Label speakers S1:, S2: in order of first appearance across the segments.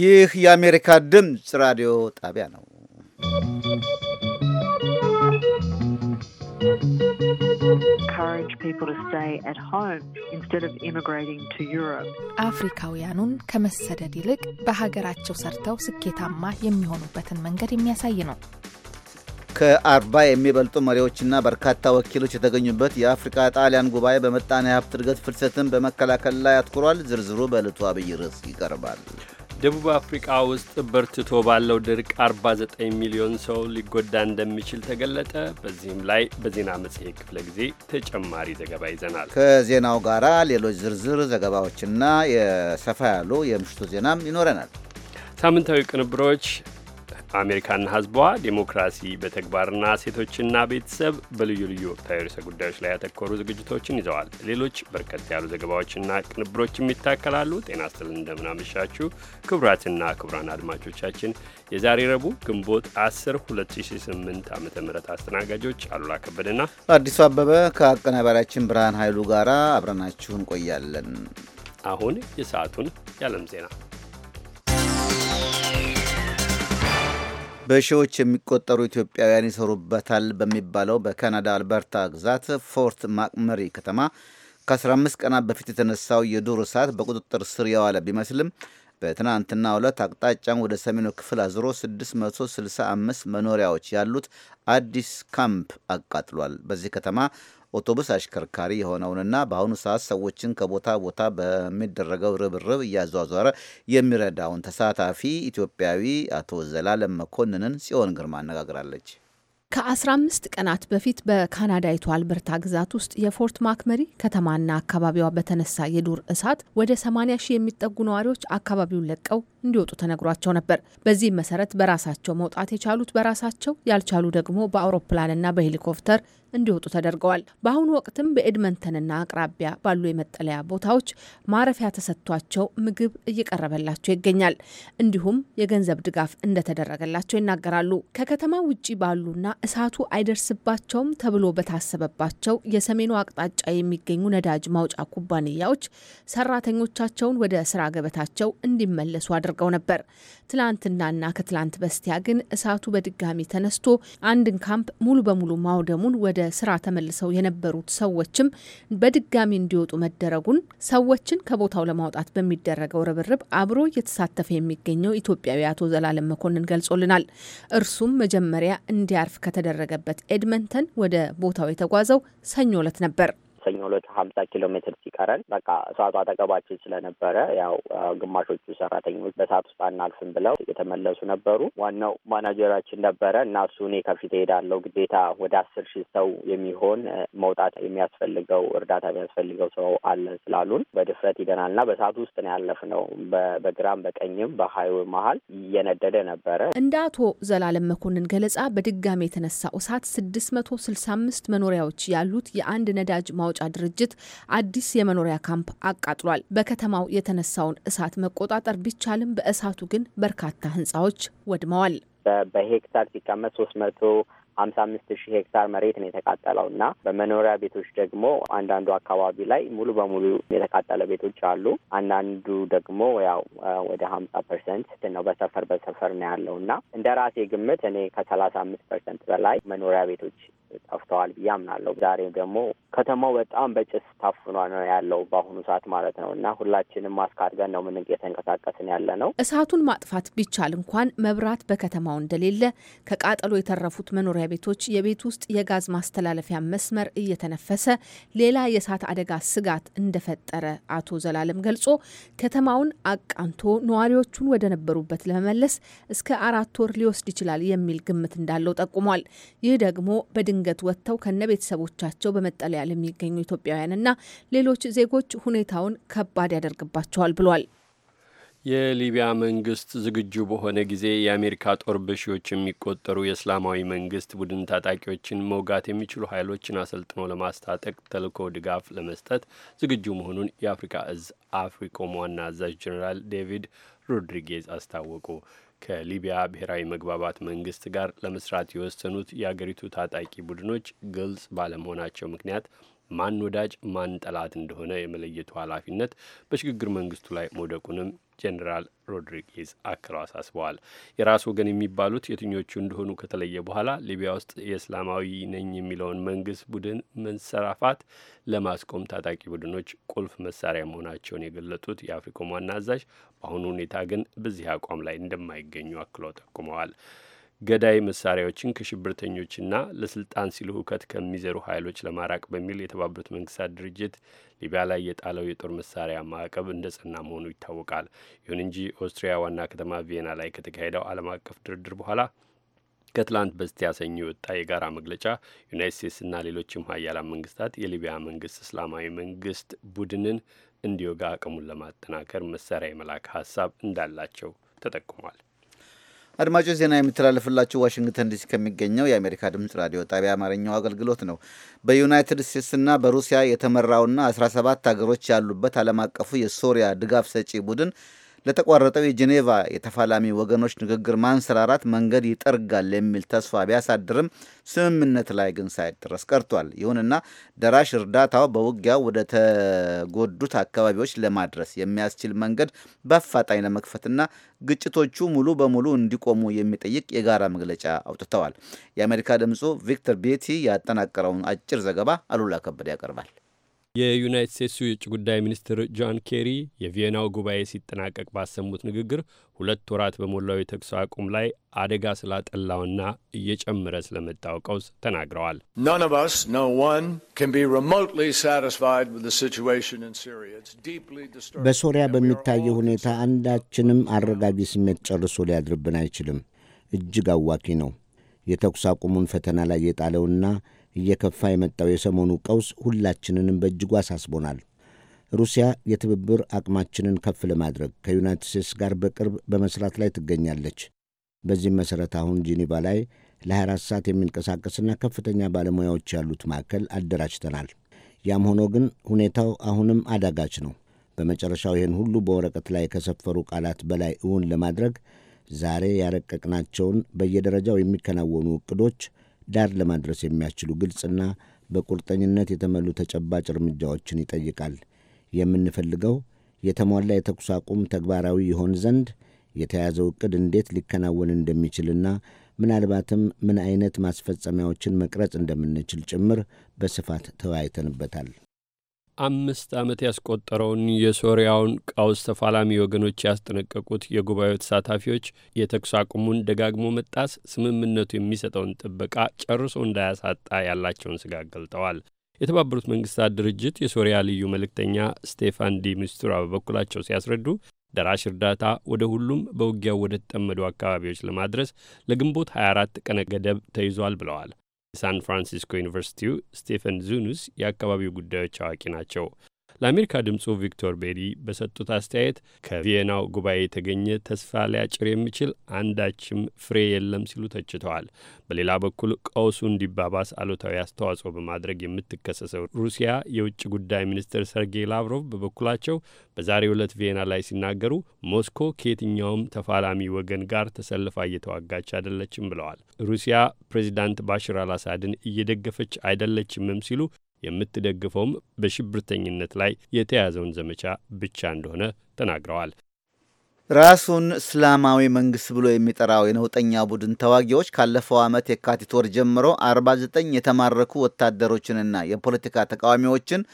S1: ይህ የአሜሪካ ድምፅ ራዲዮ ጣቢያ ነው።
S2: አፍሪካውያኑን ከመሰደድ ይልቅ በሀገራቸው ሰርተው ስኬታማ የሚሆኑበትን መንገድ የሚያሳይ ነው።
S1: ከአርባ የሚበልጡ መሪዎችና በርካታ ወኪሎች የተገኙበት የአፍሪካ ጣሊያን ጉባኤ በመጣኔ ሀብት እድገት ፍልሰትን በመከላከል ላይ አትኩሯል። ዝርዝሩ በዕለቱ አብይ ርዕስ ይቀርባል።
S3: ደቡብ አፍሪቃ ውስጥ በርትቶ ባለው ድርቅ 49 ሚሊዮን ሰው ሊጎዳ እንደሚችል ተገለጠ። በዚህም ላይ በዜና መጽሔት ክፍለ ጊዜ ተጨማሪ ዘገባ ይዘናል።
S1: ከዜናው ጋር ሌሎች ዝርዝር ዘገባዎችና የሰፋ ያሉ የምሽቱ ዜናም ይኖረናል።
S3: ሳምንታዊ ቅንብሮች አሜሪካና ህዝቧ ዴሞክራሲ በተግባርና ሴቶችና ቤተሰብ በልዩ ልዩ ወቅታዊ ርዕሰ ጉዳዮች ላይ ያተኮሩ ዝግጅቶችን ይዘዋል። ሌሎች በርከት ያሉ ዘገባዎችና ቅንብሮችም ይታከላሉ። ጤና ይስጥልን፣ እንደምናመሻችሁ ክቡራትና ክቡራን አድማጮቻችን የዛሬ ረቡዕ ግንቦት 10 2008 ዓ ም አስተናጋጆች አሉላ ከበደና
S1: አዲሱ አበበ ከአቀናባሪያችን ብርሃን ኃይሉ ጋር አብረናችሁ እንቆያለን።
S3: አሁን የሰዓቱን የዓለም ዜና
S1: በሺዎች የሚቆጠሩ ኢትዮጵያውያን ይሰሩበታል በሚባለው በካናዳ አልበርታ ግዛት ፎርት ማክመሪ ከተማ ከ15 ቀናት በፊት የተነሳው የዱር እሳት በቁጥጥር ስር የዋለ ቢመስልም በትናንትናው ዕለት አቅጣጫን ወደ ሰሜኑ ክፍል አዝሮ 665 መኖሪያዎች ያሉት አዲስ ካምፕ አቃጥሏል። በዚህ ከተማ አውቶቡስ አሽከርካሪ የሆነውንና በአሁኑ ሰዓት ሰዎችን ከቦታ ቦታ በሚደረገው ርብርብ እያዟዟረ የሚረዳውን ተሳታፊ ኢትዮጵያዊ አቶ ዘላለም መኮንንን ጽዮን ግርማ አነጋግራለች።
S4: ከ15 ቀናት በፊት በካናዳይቱ አልበርታ ግዛት ውስጥ የፎርት ማክመሪ ከተማና አካባቢዋ በተነሳ የዱር እሳት ወደ 80 ሺህ የሚጠጉ ነዋሪዎች አካባቢውን ለቀው እንዲወጡ ተነግሯቸው ነበር። በዚህም መሰረት በራሳቸው መውጣት የቻሉት በራሳቸው ያልቻሉ ደግሞ በአውሮፕላንና በሄሊኮፕተር እንዲወጡ ተደርገዋል። በአሁኑ ወቅትም በኤድመንተንና አቅራቢያ ባሉ የመጠለያ ቦታዎች ማረፊያ ተሰጥቷቸው ምግብ እየቀረበላቸው ይገኛል። እንዲሁም የገንዘብ ድጋፍ እንደተደረገላቸው ይናገራሉ። ከከተማ ውጭ ባሉና እሳቱ አይደርስባቸውም ተብሎ በታሰበባቸው የሰሜኑ አቅጣጫ የሚገኙ ነዳጅ ማውጫ ኩባንያዎች ሰራተኞቻቸውን ወደ ስራ ገበታቸው እንዲመለሱ አድርገዋል። አድርገው ነበር። ትላንትናና ከትላንት በስቲያ ግን እሳቱ በድጋሚ ተነስቶ አንድን ካምፕ ሙሉ በሙሉ ማውደሙን፣ ወደ ስራ ተመልሰው የነበሩት ሰዎችም በድጋሚ እንዲወጡ መደረጉን፣ ሰዎችን ከቦታው ለማውጣት በሚደረገው ርብርብ አብሮ እየተሳተፈ የሚገኘው ኢትዮጵያዊ አቶ ዘላለም መኮንን ገልጾልናል። እርሱም መጀመሪያ እንዲያርፍ ከተደረገበት ኤድመንተን ወደ ቦታው የተጓዘው ሰኞ ለት ነበር።
S5: ሰኞ ዕለት ሀምሳ ኪሎ ሜትር ሲቀረን በቃ እሳቱ አጠገባችን ስለነበረ ያው ግማሾቹ ሰራተኞች በሰዓት ውስጥ አናልፍም ብለው የተመለሱ ነበሩ። ዋናው ማናጀራችን ነበረ እና እሱ እኔ ከፊት ሄዳለው ግዴታ ወደ አስር ሺህ ሰው የሚሆን መውጣት የሚያስፈልገው እርዳታ የሚያስፈልገው ሰው አለ ስላሉን በድፍረት ይደናል እና በሰዓቱ ውስጥ ነው ያለፍነው። በግራም በቀኝም በሀይ መሀል እየነደደ ነበረ። እንደ
S4: አቶ ዘላለም መኮንን ገለጻ በድጋሚ የተነሳው እሳት ስድስት መቶ ስልሳ አምስት መኖሪያዎች ያሉት የአንድ ነዳጅ ማውጫ ማውጫ ድርጅት አዲስ የመኖሪያ ካምፕ አቃጥሏል። በከተማው የተነሳውን እሳት መቆጣጠር ቢቻልም
S5: በእሳቱ ግን በርካታ ህንፃዎች ወድመዋል። በሄክታር ሲቀመጥ ሶስት መቶ ሀምሳ አምስት ሺህ ሄክታር መሬት ነው የተቃጠለው እና በመኖሪያ ቤቶች ደግሞ አንዳንዱ አካባቢ ላይ ሙሉ በሙሉ የተቃጠለ ቤቶች አሉ። አንዳንዱ ደግሞ ያው ወደ ሀምሳ ፐርሰንት ነው በሰፈር በሰፈር ነው ያለው እና እንደ ራሴ ግምት እኔ ከሰላሳ አምስት ፐርሰንት በላይ መኖሪያ ቤቶች ጠፍተዋል ብዬ አምናለሁ። ዛሬ ደግሞ ከተማው በጣም በጭስ ታፍኗ ነው ያለው በአሁኑ ሰዓት ማለት ነው እና ሁላችንም ማስክ አድርገን ነው ምን የተንቀሳቀስን ያለ ነው።
S4: እሳቱን ማጥፋት ቢቻል እንኳን መብራት በከተማው እንደሌለ ከቃጠሎ የተረፉት መኖሪያ መኖሪያ ቤቶች የቤት ውስጥ የጋዝ ማስተላለፊያ መስመር እየተነፈሰ ሌላ የእሳት አደጋ ስጋት እንደፈጠረ አቶ ዘላለም ገልጾ ከተማውን አቃንቶ ነዋሪዎቹን ወደ ነበሩበት ለመመለስ እስከ አራት ወር ሊወስድ ይችላል የሚል ግምት እንዳለው ጠቁሟል። ይህ ደግሞ በድንገት ወጥተው ከነ ቤተሰቦቻቸው በመጠለያ ለሚገኙ ኢትዮጵያውያንና ሌሎች ዜጎች ሁኔታውን ከባድ ያደርግባቸዋል ብሏል።
S3: የሊቢያ መንግስት ዝግጁ በሆነ ጊዜ የአሜሪካ ጦር በሺዎች የሚቆጠሩ የእስላማዊ መንግስት ቡድን ታጣቂዎችን መውጋት የሚችሉ ኃይሎችን አሰልጥኖ ለማስታጠቅ ተልኮ ድጋፍ ለመስጠት ዝግጁ መሆኑን የአፍሪካ እዝ አፍሪኮም ዋና አዛዥ ጀኔራል ዴቪድ ሮድሪጌዝ አስታወቁ። ከሊቢያ ብሔራዊ መግባባት መንግስት ጋር ለመስራት የወሰኑት የአገሪቱ ታጣቂ ቡድኖች ግልጽ ባለመሆናቸው ምክንያት ማን ወዳጅ ማን ጠላት እንደሆነ የመለየቱ ኃላፊነት በሽግግር መንግስቱ ላይ መውደቁንም ጄኔራል ሮድሪጌዝ አክለው አሳስበዋል። የራስ ወገን የሚባሉት የትኞቹ እንደሆኑ ከተለየ በኋላ ሊቢያ ውስጥ የእስላማዊ ነኝ የሚለውን መንግስት ቡድን መንሰራፋት ለማስቆም ታጣቂ ቡድኖች ቁልፍ መሳሪያ መሆናቸውን የገለጡት የአፍሪኮም ዋና አዛዥ በአሁኑ ሁኔታ ግን በዚህ አቋም ላይ እንደማይገኙ አክለው ጠቁመዋል። ገዳይ መሳሪያዎችን ከሽብርተኞችና ለስልጣን ሲሉ ሁከት ከሚዘሩ ኃይሎች ለማራቅ በሚል የተባበሩት መንግስታት ድርጅት ሊቢያ ላይ የጣለው የጦር መሳሪያ ማዕቀብ እንደ ጸና መሆኑ ይታወቃል። ይሁን እንጂ ኦስትሪያ ዋና ከተማ ቪየና ላይ ከተካሄደው ዓለም አቀፍ ድርድር በኋላ ከትላንት በስቲያ ሰኞ የወጣ የጋራ መግለጫ ዩናይት ስቴትስና ሌሎችም ሀያላን መንግስታት የሊቢያ መንግስት እስላማዊ መንግስት ቡድንን እንዲወጋ አቅሙን ለማጠናከር መሳሪያ የመላክ ሀሳብ እንዳላቸው ተጠቁሟል።
S1: አድማጮች ዜና የሚተላለፍላችሁ ዋሽንግተን ዲሲ ከሚገኘው የአሜሪካ ድምፅ ራዲዮ ጣቢያ አማርኛው አገልግሎት ነው። በዩናይትድ ስቴትስና በሩሲያ የተመራውና 17 ሀገሮች ያሉበት ዓለም አቀፉ የሶሪያ ድጋፍ ሰጪ ቡድን ለተቋረጠው የጄኔቫ የተፋላሚ ወገኖች ንግግር ማንሰራራት መንገድ ይጠርጋል የሚል ተስፋ ቢያሳድርም ስምምነት ላይ ግን ሳይደረስ ቀርቷል። ይሁንና ደራሽ እርዳታው በውጊያው ወደ ተጎዱት አካባቢዎች ለማድረስ የሚያስችል መንገድ በአፋጣኝ ለመክፈትና ግጭቶቹ ሙሉ በሙሉ እንዲቆሙ የሚጠይቅ የጋራ መግለጫ አውጥተዋል። የአሜሪካ ድምፁ ቪክተር ቤቲ ያጠናቀረውን አጭር ዘገባ አሉላ ከበደ ያቀርባል።
S3: የዩናይት ስቴትሱ የውጭ ጉዳይ ሚኒስትር ጆን ኬሪ የቪየናው ጉባኤ ሲጠናቀቅ ባሰሙት ንግግር ሁለት ወራት በሞላው የተኩስ አቁም ላይ አደጋ ስላጠላውና እየጨመረ ስለመጣው
S6: ቀውስ ተናግረዋል።
S7: በሶሪያ በሚታየው ሁኔታ አንዳችንም አረጋጊ ስሜት ጨርሶ ሊያድርብን አይችልም። እጅግ አዋኪ ነው። የተኩስ አቁሙን ፈተና ላይ የጣለውና እየከፋ የመጣው የሰሞኑ ቀውስ ሁላችንንም በእጅጉ አሳስቦናል። ሩሲያ የትብብር አቅማችንን ከፍ ለማድረግ ከዩናይትድ ስቴትስ ጋር በቅርብ በመስራት ላይ ትገኛለች። በዚህም መሠረት አሁን ጂኒቫ ላይ ለ24 ሰዓት የሚንቀሳቀስና ከፍተኛ ባለሙያዎች ያሉት ማዕከል አደራጅተናል። ያም ሆኖ ግን ሁኔታው አሁንም አዳጋች ነው። በመጨረሻው ይህን ሁሉ በወረቀት ላይ ከሰፈሩ ቃላት በላይ እውን ለማድረግ ዛሬ ያረቀቅናቸውን በየደረጃው የሚከናወኑ ዕቅዶች ዳር ለማድረስ የሚያስችሉ ግልጽና በቁርጠኝነት የተሞሉ ተጨባጭ እርምጃዎችን ይጠይቃል። የምንፈልገው የተሟላ የተኩስ አቁም ተግባራዊ ይሆን ዘንድ የተያዘው ዕቅድ እንዴት ሊከናወን እንደሚችልና ምናልባትም ምን አይነት ማስፈጸሚያዎችን መቅረጽ እንደምንችል ጭምር በስፋት ተወያይተንበታል።
S3: አምስት ዓመት ያስቆጠረውን የሶሪያውን ቀውስ ተፋላሚ ወገኖች ያስጠነቀቁት የጉባኤው ተሳታፊዎች የተኩስ አቁሙን ደጋግሞ መጣስ ስምምነቱ የሚሰጠውን ጥበቃ ጨርሶ እንዳያሳጣ ያላቸውን ስጋት ገልጠዋል። የተባበሩት መንግስታት ድርጅት የሶሪያ ልዩ መልእክተኛ ስቴፋን ዲ ሚስቱራ በበኩላቸው ሲያስረዱ ደራሽ እርዳታ ወደ ሁሉም በውጊያው ወደ ተጠመዱ አካባቢዎች ለማድረስ ለግንቦት 24 ቀነ ገደብ ተይዟል ብለዋል። የሳን ፍራንሲስኮ ዩኒቨርሲቲው ስቴፈን ዙኑስ የአካባቢው ጉዳዮች አዋቂ ናቸው። ለአሜሪካ ድምፁ ቪክቶር ቤሪ በሰጡት አስተያየት ከቪየናው ጉባኤ የተገኘ ተስፋ ሊያጭር የሚችል አንዳችም ፍሬ የለም ሲሉ ተችተዋል። በሌላ በኩል ቀውሱ እንዲባባስ አሉታዊ አስተዋጽኦ በማድረግ የምትከሰሰው ሩሲያ የውጭ ጉዳይ ሚኒስትር ሰርጌይ ላቭሮቭ በበኩላቸው በዛሬው ዕለት ቪየና ላይ ሲናገሩ ሞስኮ ከየትኛውም ተፋላሚ ወገን ጋር ተሰልፋ እየተዋጋች አይደለችም ብለዋል። ሩሲያ ፕሬዚዳንት ባሽር አልአሳድን እየደገፈች አይደለችምም ሲሉ የምትደግፈውም በሽብርተኝነት ላይ የተያዘውን ዘመቻ ብቻ እንደሆነ ተናግረዋል።
S1: ራሱን እስላማዊ መንግስት ብሎ የሚጠራው የነውጠኛ ቡድን ተዋጊዎች ካለፈው ዓመት የካቲት ወር ጀምሮ 49 የተማረኩ ወታደሮችንና የፖለቲካ ተቃዋሚዎችን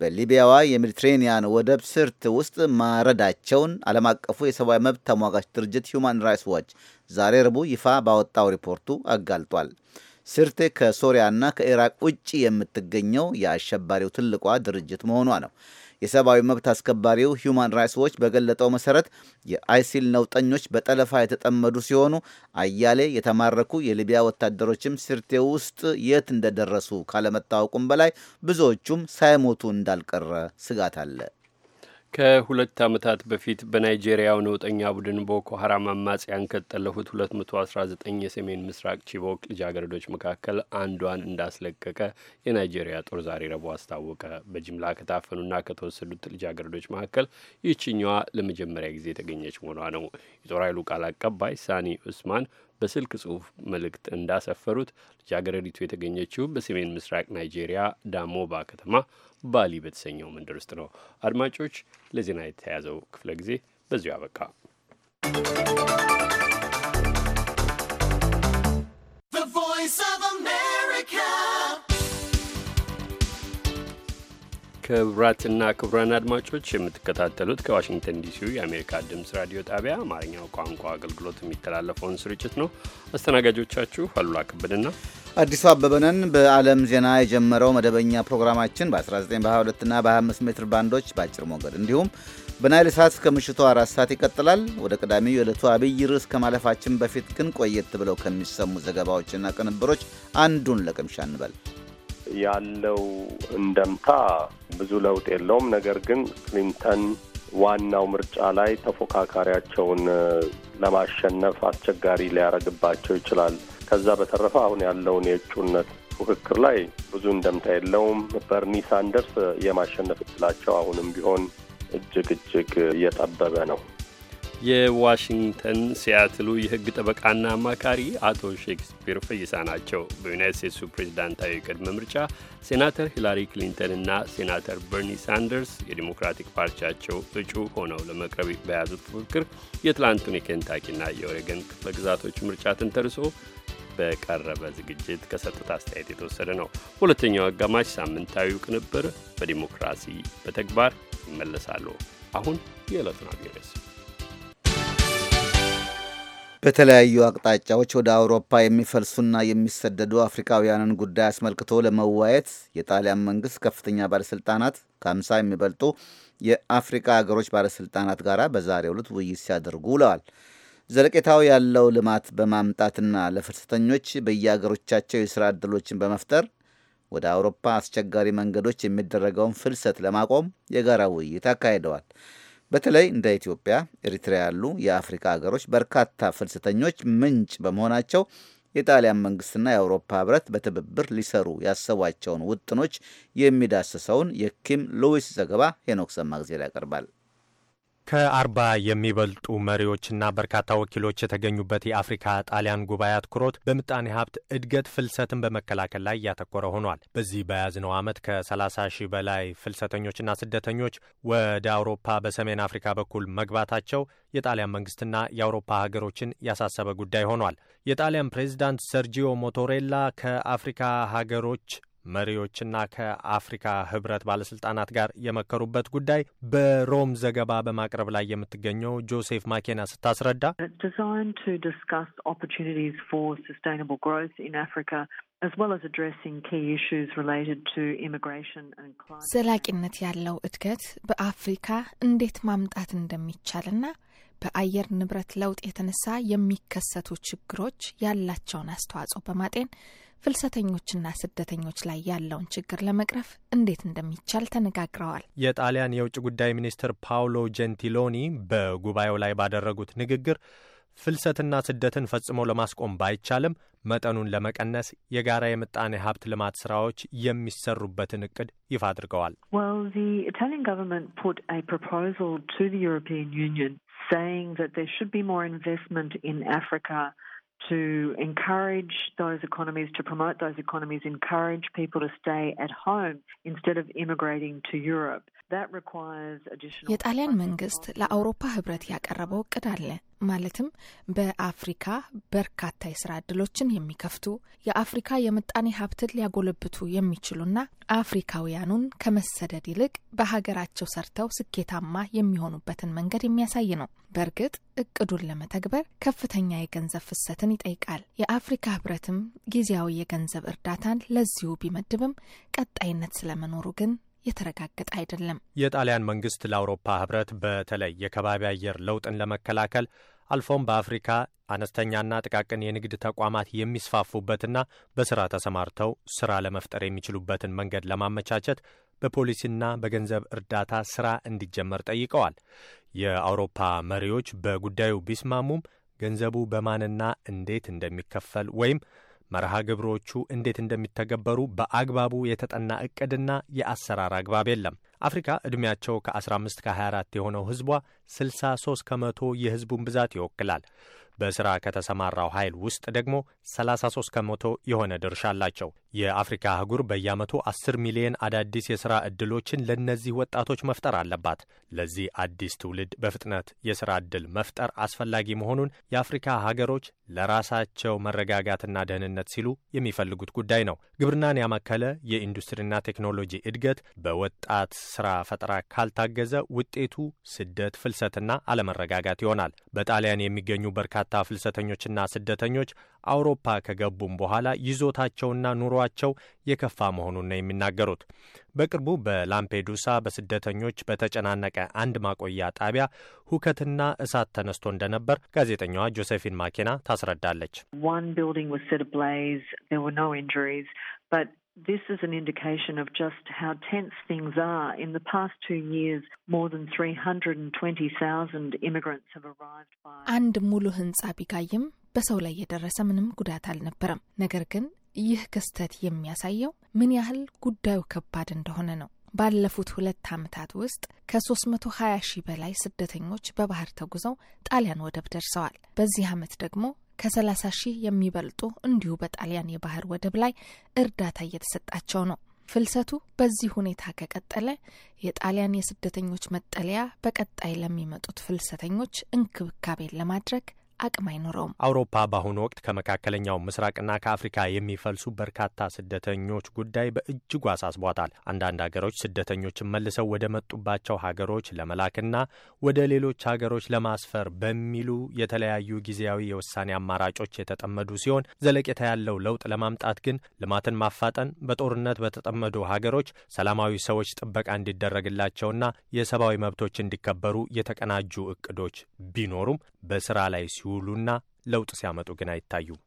S1: በሊቢያዋ የሜዲትሬኒያን ወደብ ስርት ውስጥ ማረዳቸውን ዓለም አቀፉ የሰብአዊ መብት ተሟጋች ድርጅት ሁማን ራይትስ ዋች ዛሬ ረቡዕ ይፋ ባወጣው ሪፖርቱ አጋልጧል። ስርቴ ከሶሪያና ከኢራቅ ውጭ የምትገኘው የአሸባሪው ትልቋ ድርጅት መሆኗ ነው። የሰብአዊ መብት አስከባሪው ሂዩማን ራይትስ ዎች በገለጠው መሰረት የአይሲል ነውጠኞች በጠለፋ የተጠመዱ ሲሆኑ አያሌ የተማረኩ የሊቢያ ወታደሮችም ስርቴ ውስጥ የት እንደደረሱ ካለመታወቁም በላይ ብዙዎቹም ሳይሞቱ እንዳልቀረ ስጋት አለ።
S3: ከሁለት ዓመታት በፊት በናይጄሪያው ነውጠኛ ቡድን ቦኮ ሀራም አማጽያን ከጠለፉት 219 የሰሜን ምስራቅ ቺቦክ ልጃገረዶች መካከል አንዷን እንዳስለቀቀ የናይጄሪያ ጦር ዛሬ ረቡዕ አስታወቀ። በጅምላ ከታፈኑና ከተወሰዱት ልጃገረዶች መካከል ይህችኛዋ ለመጀመሪያ ጊዜ የተገኘች መሆኗ ነው። የጦር ኃይሉ ቃል አቀባይ ሳኒ ኡስማን በስልክ ጽሁፍ መልእክት እንዳሰፈሩት ልጃገረዲቱ የተገኘችው በሰሜን ምስራቅ ናይጄሪያ ዳሞባ ከተማ ባሊ በተሰኘው መንደር ውስጥ ነው። አድማጮች፣ ለዜና የተያዘው ክፍለ ጊዜ በዚሁ አበቃ። ክቡራትና ክቡራን አድማጮች የምትከታተሉት ከዋሽንግተን ዲሲው የአሜሪካ ድምፅ ራዲዮ ጣቢያ አማርኛው ቋንቋ አገልግሎት የሚተላለፈውን ስርጭት ነው። አስተናጋጆቻችሁ አሉላ ከበድና
S1: አዲሱ አበበነን በዓለም ዜና የጀመረው መደበኛ ፕሮግራማችን በ19 በ22ና በ25 ሜትር ባንዶች በአጭር ሞገድ እንዲሁም በናይል ሳት ከምሽቱ አራት ሰዓት ይቀጥላል። ወደ ቀዳሚው የዕለቱ አብይ ርዕስ ከማለፋችን በፊት ግን ቆየት ብለው ከሚሰሙ ዘገባዎችና ቅንብሮች አንዱን ለቅምሻ እንበል።
S8: ያለው እንደምታ ብዙ ለውጥ የለውም። ነገር ግን ክሊንተን ዋናው ምርጫ ላይ ተፎካካሪያቸውን ለማሸነፍ አስቸጋሪ ሊያደርግባቸው ይችላል ከዛ በተረፈ አሁን ያለውን የእጩነት ፉክክር ላይ ብዙ እንደምታ የለውም። በርኒ ሳንደርስ የማሸነፍ እድላቸው አሁንም ቢሆን እጅግ እጅግ እየጠበበ ነው።
S3: የዋሽንግተን ሲያትሉ የሕግ ጠበቃና አማካሪ አቶ ሼክስፒር ፈይሳ ናቸው። በዩናይት ስቴትሱ ፕሬዚዳንታዊ ቅድመ ምርጫ ሴናተር ሂላሪ ክሊንተን እና ሴናተር በርኒ ሳንደርስ የዲሞክራቲክ ፓርቲያቸው እጩ ሆነው ለመቅረብ በያዙት ፉክክር የትላንቱን የኬንታኪና የኦሬገን ክፍለ ግዛቶች ምርጫ ተንተርሶ በቀረበ ዝግጅት ከሰጡት አስተያየት የተወሰደ ነው። ሁለተኛው አጋማሽ ሳምንታዊው ቅንብር በዲሞክራሲ በተግባር ይመለሳሉ። አሁን የዕለቱን አገረስ
S1: በተለያዩ አቅጣጫዎች ወደ አውሮፓ የሚፈልሱና የሚሰደዱ አፍሪካውያንን ጉዳይ አስመልክቶ ለመዋየት የጣሊያን መንግስት ከፍተኛ ባለስልጣናት ከአምሳ የሚበልጡ የአፍሪካ ሀገሮች ባለስልጣናት ጋር በዛሬው ዕለት ውይይት ሲያደርጉ ውለዋል። ዘለቄታው ያለው ልማት በማምጣትና ለፍልሰተኞች በየአገሮቻቸው የሥራ ዕድሎችን በመፍጠር ወደ አውሮፓ አስቸጋሪ መንገዶች የሚደረገውን ፍልሰት ለማቆም የጋራ ውይይት አካሂደዋል። በተለይ እንደ ኢትዮጵያ፣ ኤሪትሪያ ያሉ የአፍሪካ ሀገሮች በርካታ ፍልሰተኞች ምንጭ በመሆናቸው የጣሊያን መንግስትና የአውሮፓ ህብረት በትብብር ሊሰሩ ያሰቧቸውን ውጥኖች የሚዳስሰውን የኪም ሉዊስ ዘገባ ሄኖክ ሰማግዜር ያቀርባል።
S9: ከአርባ የሚበልጡ መሪዎችና በርካታ ወኪሎች የተገኙበት የአፍሪካ ጣሊያን ጉባኤ አትኩሮት በምጣኔ ሀብት እድገት ፍልሰትን በመከላከል ላይ እያተኮረ ሆኗል። በዚህ በያዝነው ዓመት ከ30 ሺህ በላይ ፍልሰተኞችና ስደተኞች ወደ አውሮፓ በሰሜን አፍሪካ በኩል መግባታቸው የጣሊያን መንግስትና የአውሮፓ ሀገሮችን ያሳሰበ ጉዳይ ሆኗል። የጣሊያን ፕሬዚዳንት ሰርጂዮ ሞቶሬላ ከአፍሪካ ሀገሮች መሪዎችና ከአፍሪካ ህብረት ባለስልጣናት ጋር የመከሩበት ጉዳይ በሮም ዘገባ በማቅረብ ላይ የምትገኘው ጆሴፍ ማኬና ስታስረዳ
S2: ዘላቂነት ያለው እድገት በአፍሪካ እንዴት ማምጣት እንደሚቻልና በአየር ንብረት ለውጥ የተነሳ የሚከሰቱ ችግሮች ያላቸውን አስተዋጽኦ በማጤን ፍልሰተኞችና ስደተኞች ላይ ያለውን ችግር ለመቅረፍ እንዴት እንደሚቻል ተነጋግረዋል።
S9: የጣሊያን የውጭ ጉዳይ ሚኒስትር ፓውሎ ጀንቲሎኒ በጉባኤው ላይ ባደረጉት ንግግር ፍልሰትና ስደትን ፈጽሞ ለማስቆም ባይቻልም መጠኑን ለመቀነስ የጋራ የምጣኔ ሀብት ልማት ስራዎች የሚሰሩበትን እቅድ ይፋ አድርገዋል።
S10: saying that there should be more investment in Africa to encourage those economies, to promote those economies, encourage people to stay at home instead of immigrating to Europe. That requires additional...
S2: የጣሊያን መንግስት ለአውሮፓ ህብረት ያቀረበው እቅድ አለ። ማለትም በአፍሪካ በርካታ የስራ እድሎችን የሚከፍቱ የአፍሪካ የምጣኔ ሀብትን ሊያጎለብቱ የሚችሉና አፍሪካውያኑን ከመሰደድ ይልቅ በሀገራቸው ሰርተው ስኬታማ የሚሆኑበትን መንገድ የሚያሳይ ነው። በእርግጥ እቅዱን ለመተግበር ከፍተኛ የገንዘብ ፍሰትን ይጠይቃል። የአፍሪካ ህብረትም ጊዜያዊ የገንዘብ እርዳታን ለዚሁ ቢመድብም ቀጣይነት ስለመኖሩ ግን የተረጋገጠ አይደለም።
S9: የጣሊያን መንግስት ለአውሮፓ ህብረት በተለይ የከባቢ አየር ለውጥን ለመከላከል አልፎም በአፍሪካ አነስተኛና ጥቃቅን የንግድ ተቋማት የሚስፋፉበትና በስራ ተሰማርተው ስራ ለመፍጠር የሚችሉበትን መንገድ ለማመቻቸት በፖሊሲና በገንዘብ እርዳታ ስራ እንዲጀመር ጠይቀዋል። የአውሮፓ መሪዎች በጉዳዩ ቢስማሙም ገንዘቡ በማንና እንዴት እንደሚከፈል ወይም መርሃ ግብሮቹ እንዴት እንደሚተገበሩ በአግባቡ የተጠና እቅድና የአሰራር አግባብ የለም። አፍሪካ ዕድሜያቸው ከ15 ከ24 የሆነው ህዝቧ 63 ከመቶ የህዝቡን ብዛት ይወክላል። በስራ ከተሰማራው ኃይል ውስጥ ደግሞ 33 ከመቶ የሆነ ድርሻ አላቸው። የአፍሪካ አህጉር በየዓመቱ 10 ሚሊዮን አዳዲስ የሥራ ዕድሎችን ለእነዚህ ወጣቶች መፍጠር አለባት። ለዚህ አዲስ ትውልድ በፍጥነት የሥራ ዕድል መፍጠር አስፈላጊ መሆኑን የአፍሪካ ሀገሮች ለራሳቸው መረጋጋትና ደህንነት ሲሉ የሚፈልጉት ጉዳይ ነው። ግብርናን ያማከለ የኢንዱስትሪና ቴክኖሎጂ እድገት በወጣት ሥራ ፈጠራ ካልታገዘ ውጤቱ ስደት፣ ፍልሰትና አለመረጋጋት ይሆናል። በጣሊያን የሚገኙ በርካታ በርካታ ፍልሰተኞችና ስደተኞች አውሮፓ ከገቡም በኋላ ይዞታቸውና ኑሯቸው የከፋ መሆኑን ነው የሚናገሩት። በቅርቡ በላምፔዱሳ በስደተኞች በተጨናነቀ አንድ ማቆያ ጣቢያ ሁከትና እሳት ተነስቶ እንደነበር ጋዜጠኛዋ ጆሴፊን ማኬና ታስረዳለች።
S10: This is an indication of just how tense things are. In the past two years, more than 320,000 immigrants have arrived by...
S2: And ሙሉ ህንጻ ቢጋይም በሰው ላይ የደረሰ ምንም ጉዳት አልነበረም። ነገር ግን ይህ ክስተት የሚያሳየው ምን ያህል ጉዳዩ ከባድ ባለፉት ሁለት ዓመታት ውስጥ ከ320 ሺህ በላይ ስደተኞች በባህር ተጉዘው ጣሊያን ወደብ ደርሰዋል። በዚህ ዓመት ደግሞ ከ30 ሺህ የሚበልጡ እንዲሁ በጣሊያን የባህር ወደብ ላይ እርዳታ እየተሰጣቸው ነው። ፍልሰቱ በዚህ ሁኔታ ከቀጠለ የጣሊያን የስደተኞች መጠለያ በቀጣይ ለሚመጡት ፍልሰተኞች እንክብካቤን ለማድረግ አቅም አይኖረውም።
S9: አውሮፓ በአሁኑ ወቅት ከመካከለኛው ምስራቅና ከአፍሪካ የሚፈልሱ በርካታ ስደተኞች ጉዳይ በእጅጉ አሳስቧታል። አንዳንድ ሀገሮች ስደተኞችን መልሰው ወደ መጡባቸው ሀገሮች ለመላክና ወደ ሌሎች ሀገሮች ለማስፈር በሚሉ የተለያዩ ጊዜያዊ የውሳኔ አማራጮች የተጠመዱ ሲሆን ዘለቄታ ያለው ለውጥ ለማምጣት ግን ልማትን ማፋጠን፣ በጦርነት በተጠመዱ ሀገሮች ሰላማዊ ሰዎች ጥበቃ እንዲደረግላቸውና የሰብአዊ መብቶች እንዲከበሩ የተቀናጁ እቅዶች ቢኖሩም በስራ ላይ ሲው ሲውሉና ለውጥ ሲያመጡ ግን አይታዩም።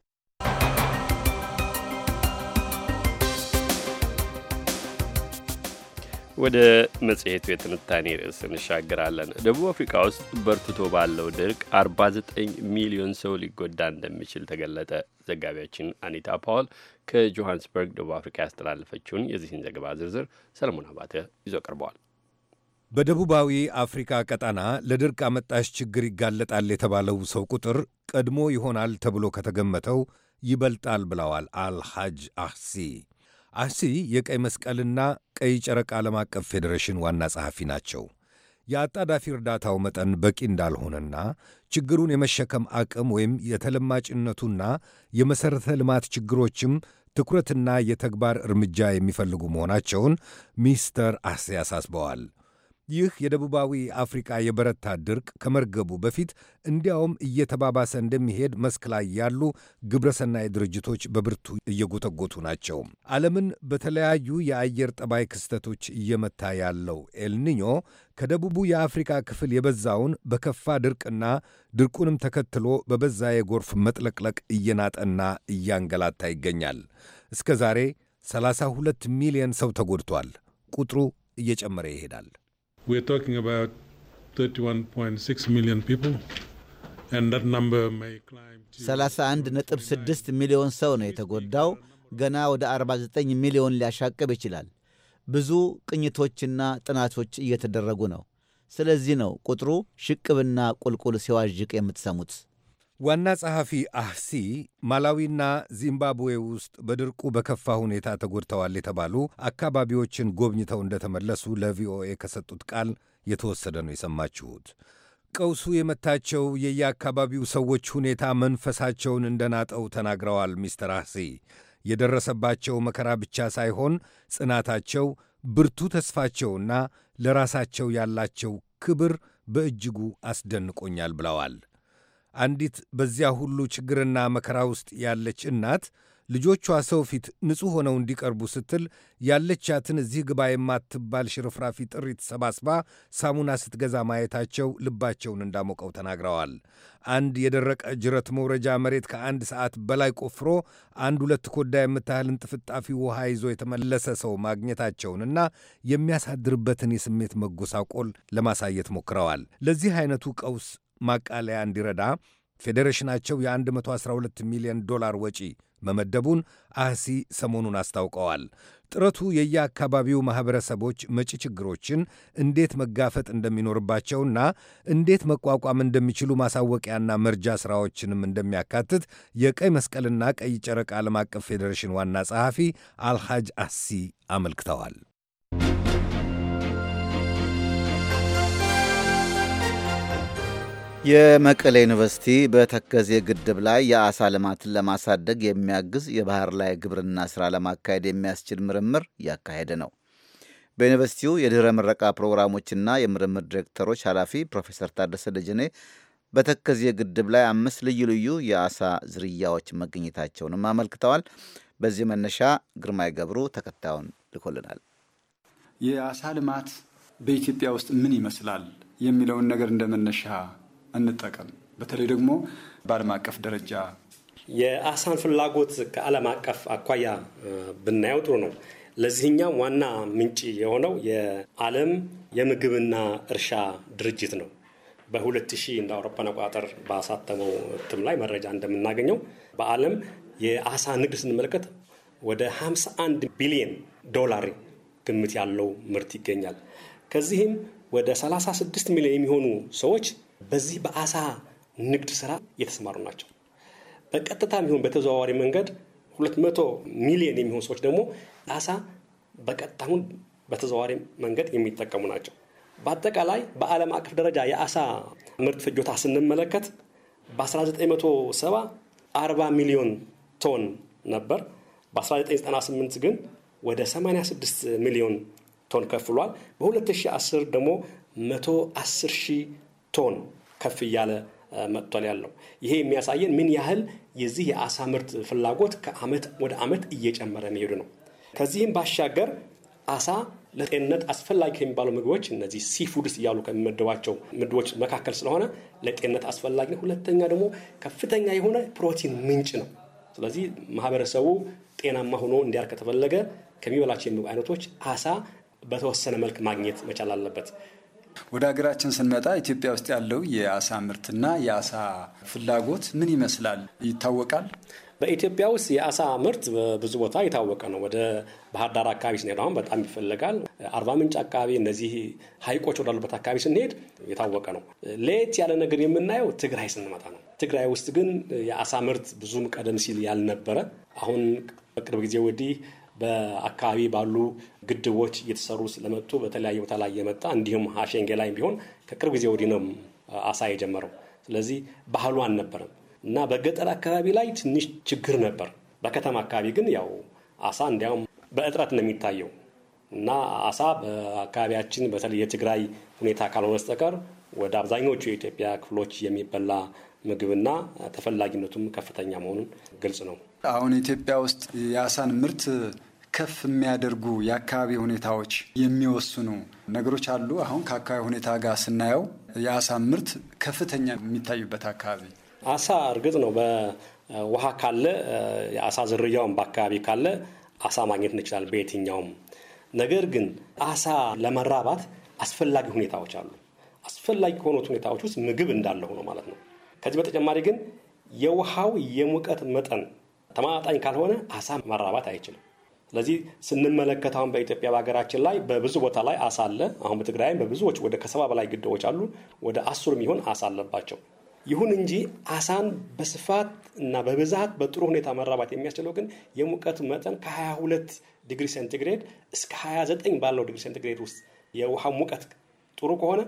S3: ወደ መጽሔቱ የትንታኔ ርዕስ እንሻገራለን። ደቡብ አፍሪካ ውስጥ በርትቶ ባለው ድርቅ 49 ሚሊዮን ሰው ሊጎዳ እንደሚችል ተገለጠ። ዘጋቢያችን አኒታ ፓውል ከጆሃንስበርግ ደቡብ አፍሪካ ያስተላለፈችውን የዚህን ዘገባ ዝርዝር ሰለሞን አባተ ይዞ ቀርበዋል።
S11: በደቡባዊ አፍሪካ ቀጠና ለድርቅ አመጣሽ ችግር ይጋለጣል የተባለው ሰው ቁጥር ቀድሞ ይሆናል ተብሎ ከተገመተው ይበልጣል ብለዋል አልሐጅ አህሲ። አህሲ የቀይ መስቀልና ቀይ ጨረቃ ዓለም አቀፍ ፌዴሬሽን ዋና ጸሐፊ ናቸው። የአጣዳፊ እርዳታው መጠን በቂ እንዳልሆነና ችግሩን የመሸከም አቅም ወይም የተለማጭነቱና የመሠረተ ልማት ችግሮችም ትኩረትና የተግባር እርምጃ የሚፈልጉ መሆናቸውን ሚስተር አህሲ አሳስበዋል። ይህ የደቡባዊ አፍሪቃ የበረታ ድርቅ ከመርገቡ በፊት እንዲያውም እየተባባሰ እንደሚሄድ መስክ ላይ ያሉ ግብረሰናይ ድርጅቶች በብርቱ እየጎተጎቱ ናቸው። ዓለምን በተለያዩ የአየር ጠባይ ክስተቶች እየመታ ያለው ኤልኒኞ ከደቡቡ የአፍሪካ ክፍል የበዛውን በከፋ ድርቅና ድርቁንም ተከትሎ በበዛ የጎርፍ መጥለቅለቅ እየናጠና እያንገላታ ይገኛል። እስከ ዛሬ 32 ሚሊዮን ሰው ተጎድቷል። ቁጥሩ እየጨመረ ይሄዳል።
S6: We're talking about 31.6 million people. And that
S1: number 31.6 ሚሊዮን ሰው ነው የተጎዳው። ገና ወደ 49 ሚሊዮን ሊያሻቅብ ይችላል። ብዙ ቅኝቶችና ጥናቶች እየተደረጉ ነው። ስለዚህ ነው ቁጥሩ ሽቅብና ቁልቁል ሲዋዥቅ የምትሰሙት።
S11: ዋና ጸሐፊ አህሲ ማላዊና ዚምባብዌ ውስጥ በድርቁ በከፋ ሁኔታ ተጎድተዋል የተባሉ አካባቢዎችን ጎብኝተው እንደተመለሱ ለቪኦኤ ከሰጡት ቃል የተወሰደ ነው የሰማችሁት። ቀውሱ የመታቸው የየአካባቢው ሰዎች ሁኔታ መንፈሳቸውን እንደናጠው ተናግረዋል። ሚስተር አህሲ የደረሰባቸው መከራ ብቻ ሳይሆን ጽናታቸው፣ ብርቱ ተስፋቸውና ለራሳቸው ያላቸው ክብር በእጅጉ አስደንቆኛል ብለዋል። አንዲት በዚያ ሁሉ ችግርና መከራ ውስጥ ያለች እናት ልጆቿ ሰው ፊት ንጹሕ ሆነው እንዲቀርቡ ስትል ያለቻትን እዚህ ግባ የማትባል ሽርፍራፊ ጥሪት ሰባስባ ሳሙና ስትገዛ ማየታቸው ልባቸውን እንዳሞቀው ተናግረዋል። አንድ የደረቀ ጅረት መውረጃ መሬት ከአንድ ሰዓት በላይ ቆፍሮ አንድ ሁለት ኮዳ የምታህል እንጥፍጣፊ ውሃ ይዞ የተመለሰ ሰው ማግኘታቸውንና የሚያሳድርበትን የስሜት መጎሳቆል ለማሳየት ሞክረዋል። ለዚህ አይነቱ ቀውስ ማቃለያ እንዲረዳ ፌዴሬሽናቸው የ112 ሚሊዮን ዶላር ወጪ መመደቡን አህሲ ሰሞኑን አስታውቀዋል። ጥረቱ የየአካባቢው ማኅበረሰቦች መጪ ችግሮችን እንዴት መጋፈጥ እንደሚኖርባቸውና እንዴት መቋቋም እንደሚችሉ ማሳወቂያና መርጃ ሥራዎችንም እንደሚያካትት የቀይ መስቀልና ቀይ ጨረቃ ዓለም አቀፍ ፌዴሬሽን ዋና ጸሐፊ አልሃጅ አህሲ አመልክተዋል።
S1: የመቀሌ ዩኒቨርሲቲ በተከዜ ግድብ ላይ የአሳ ልማትን ለማሳደግ የሚያግዝ የባህር ላይ ግብርና ስራ ለማካሄድ የሚያስችል ምርምር እያካሄደ ነው። በዩኒቨርሲቲው የድህረ ምረቃ ፕሮግራሞችና የምርምር ዲሬክተሮች ኃላፊ ፕሮፌሰር ታደሰ ደጀኔ በተከዜ ግድብ ላይ አምስት ልዩ ልዩ የአሳ ዝርያዎች መገኘታቸውንም አመልክተዋል። በዚህ መነሻ ግርማይ ገብሩ ተከታዩን ልኮልናል።
S12: የአሳ ልማት በኢትዮጵያ ውስጥ ምን ይመስላል የሚለውን ነገር እንደመነሻ እንጠቀም። በተለይ ደግሞ በዓለም አቀፍ ደረጃ
S13: የአሳን ፍላጎት ከዓለም አቀፍ አኳያ ብናየው ጥሩ ነው። ለዚህኛው ዋና ምንጭ የሆነው የዓለም የምግብና እርሻ ድርጅት ነው። በ2000 እንደ አውሮፓን አቆጣጠር ባሳተመው እትም ላይ መረጃ እንደምናገኘው በዓለም የአሳ ንግድ ስንመለከት ወደ 51 ቢሊዮን ዶላር ግምት ያለው ምርት ይገኛል። ከዚህም ወደ 36 ሚሊዮን የሚሆኑ ሰዎች በዚህ በአሳ ንግድ ስራ እየተሰማሩ ናቸው። በቀጥታ የሚሆን በተዘዋዋሪ መንገድ ሁለት መቶ ሚሊዮን የሚሆን ሰዎች ደግሞ አሳ በቀጥታ አሁን በተዘዋዋሪ መንገድ የሚጠቀሙ ናቸው። በአጠቃላይ በዓለም አቀፍ ደረጃ የአሳ ምርት ፍጆታ ስንመለከት በ1970 40 ሚሊዮን ቶን ነበር። በ1998 ግን ወደ 86 ሚሊዮን ቶን ከፍሏል። በ2010 ደግሞ 110 ሺህ ቶን ከፍ እያለ መጥቷል ያለው። ይሄ የሚያሳየን ምን ያህል የዚህ የአሳ ምርት ፍላጎት ከአመት ወደ አመት እየጨመረ መሄዱ ነው። ከዚህም ባሻገር አሳ ለጤንነት አስፈላጊ ከሚባሉ ምግቦች እነዚህ ሲፉድስ እያሉ ከሚመደባቸው ምግቦች መካከል ስለሆነ ለጤንነት አስፈላጊ ነው። ሁለተኛ ደግሞ ከፍተኛ የሆነ ፕሮቲን ምንጭ ነው። ስለዚህ ማህበረሰቡ ጤናማ ሆኖ እንዲያር ከተፈለገ ከሚበላቸው የምግብ አይነቶች አሳ በተወሰነ መልክ ማግኘት መቻል አለበት።
S12: ወደ ሀገራችን ስንመጣ ኢትዮጵያ ውስጥ ያለው የአሳ ምርትና የአሳ ፍላጎት
S13: ምን ይመስላል ይታወቃል? በኢትዮጵያ ውስጥ የአሳ ምርት በብዙ ቦታ የታወቀ ነው። ወደ ባህር ዳር አካባቢ ስንሄድ አሁን በጣም ይፈለጋል። አርባ ምንጭ አካባቢ እነዚህ ሀይቆች ወዳሉበት አካባቢ ስንሄድ የታወቀ ነው። ለየት ያለ ነገር የምናየው ትግራይ ስንመጣ ነው። ትግራይ ውስጥ ግን የአሳ ምርት ብዙም ቀደም ሲል ያልነበረ አሁን በቅርብ ጊዜ ወዲህ በአካባቢ ባሉ ግድቦች እየተሰሩ ስለመጡ በተለያየ ቦታ ላይ የመጣ እንዲሁም ሀሸንጌ ላይም ቢሆን ከቅርብ ጊዜ ወዲህ ነው አሳ የጀመረው። ስለዚህ ባህሉ አልነበረም እና በገጠር አካባቢ ላይ ትንሽ ችግር ነበር። በከተማ አካባቢ ግን ያው አሳ እንዲያውም በእጥረት ነው የሚታየው እና አሳ በአካባቢያችን በተለይ የትግራይ ሁኔታ ካልሆነ በስተቀር ወደ አብዛኞቹ የኢትዮጵያ ክፍሎች የሚበላ ምግብና ተፈላጊነቱም ከፍተኛ መሆኑን ግልጽ ነው።
S12: አሁን ኢትዮጵያ ውስጥ የአሳን ምርት ከፍ የሚያደርጉ የአካባቢ ሁኔታዎች የሚወስኑ ነገሮች አሉ። አሁን ከአካባቢ ሁኔታ ጋር ስናየው የአሳ ምርት ከፍተኛ የሚታዩበት አካባቢ
S13: አሳ እርግጥ ነው በውሃ ካለ የአሳ ዝርያውን በአካባቢ ካለ አሳ ማግኘት እንችላለን በየትኛውም። ነገር ግን አሳ ለመራባት አስፈላጊ ሁኔታዎች አሉ። አስፈላጊ ከሆኑት ሁኔታዎች ውስጥ ምግብ እንዳለ ሆኖ ማለት ነው። ከዚህ በተጨማሪ ግን የውሃው የሙቀት መጠን ተመጣጣኝ ካልሆነ አሳ መራባት አይችልም። ስለዚህ ስንመለከት አሁን በኢትዮጵያ በሀገራችን ላይ በብዙ ቦታ ላይ አሳ አለ። አሁን በትግራይም በብዙዎች ወደ ከሰባ በላይ ግድቦች አሉ። ወደ አስሩ የሚሆን አሳ አለባቸው። ይሁን እንጂ አሳን በስፋት እና በብዛት በጥሩ ሁኔታ መራባት የሚያስችለው ግን የሙቀት መጠን ከ22 ዲግሪ ሴንቲግሬድ እስከ 29 ባለው ዲግሪ ሴንቲግሬድ ውስጥ የውሃ ሙቀት ጥሩ ከሆነ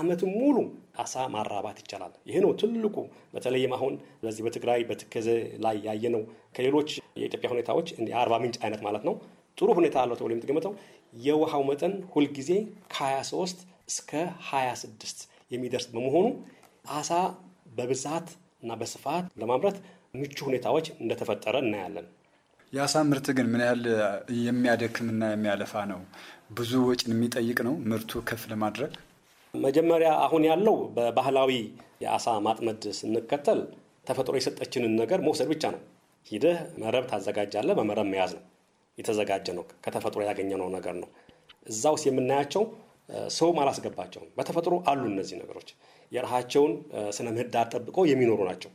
S13: አመት ሙሉ አሳ ማራባት ይቻላል። ይሄ ነው ትልቁ። በተለይም አሁን በዚህ በትግራይ በተከዜ ላይ ያየነው ከሌሎች የኢትዮጵያ ሁኔታዎች የአርባ ምንጭ አይነት ማለት ነው ጥሩ ሁኔታ አለው ተብሎ የምትገምተው የውሃው መጠን ሁልጊዜ ከ23 እስከ 26 የሚደርስ በመሆኑ አሳ በብዛት እና በስፋት ለማምረት ምቹ ሁኔታዎች እንደተፈጠረ እናያለን።
S12: የአሳ ምርት ግን ምን ያህል የሚያደክምና የሚያለፋ ነው? ብዙ ወጪን የሚጠይቅ ነው ምርቱ ከፍ ለማድረግ
S13: መጀመሪያ አሁን ያለው በባህላዊ የአሳ ማጥመድ ስንከተል ተፈጥሮ የሰጠችንን ነገር መውሰድ ብቻ ነው። ሂደህ መረብ ታዘጋጃለህ፣ በመረብ መያዝ ነው። የተዘጋጀ ነው፣ ከተፈጥሮ ያገኘነው ነገር ነው። እዛ ውስጥ የምናያቸው ሰውም አላስገባቸውም። በተፈጥሮ አሉ እነዚህ ነገሮች የራሳቸውን ስነ ምህዳር ጠብቀው የሚኖሩ ናቸው።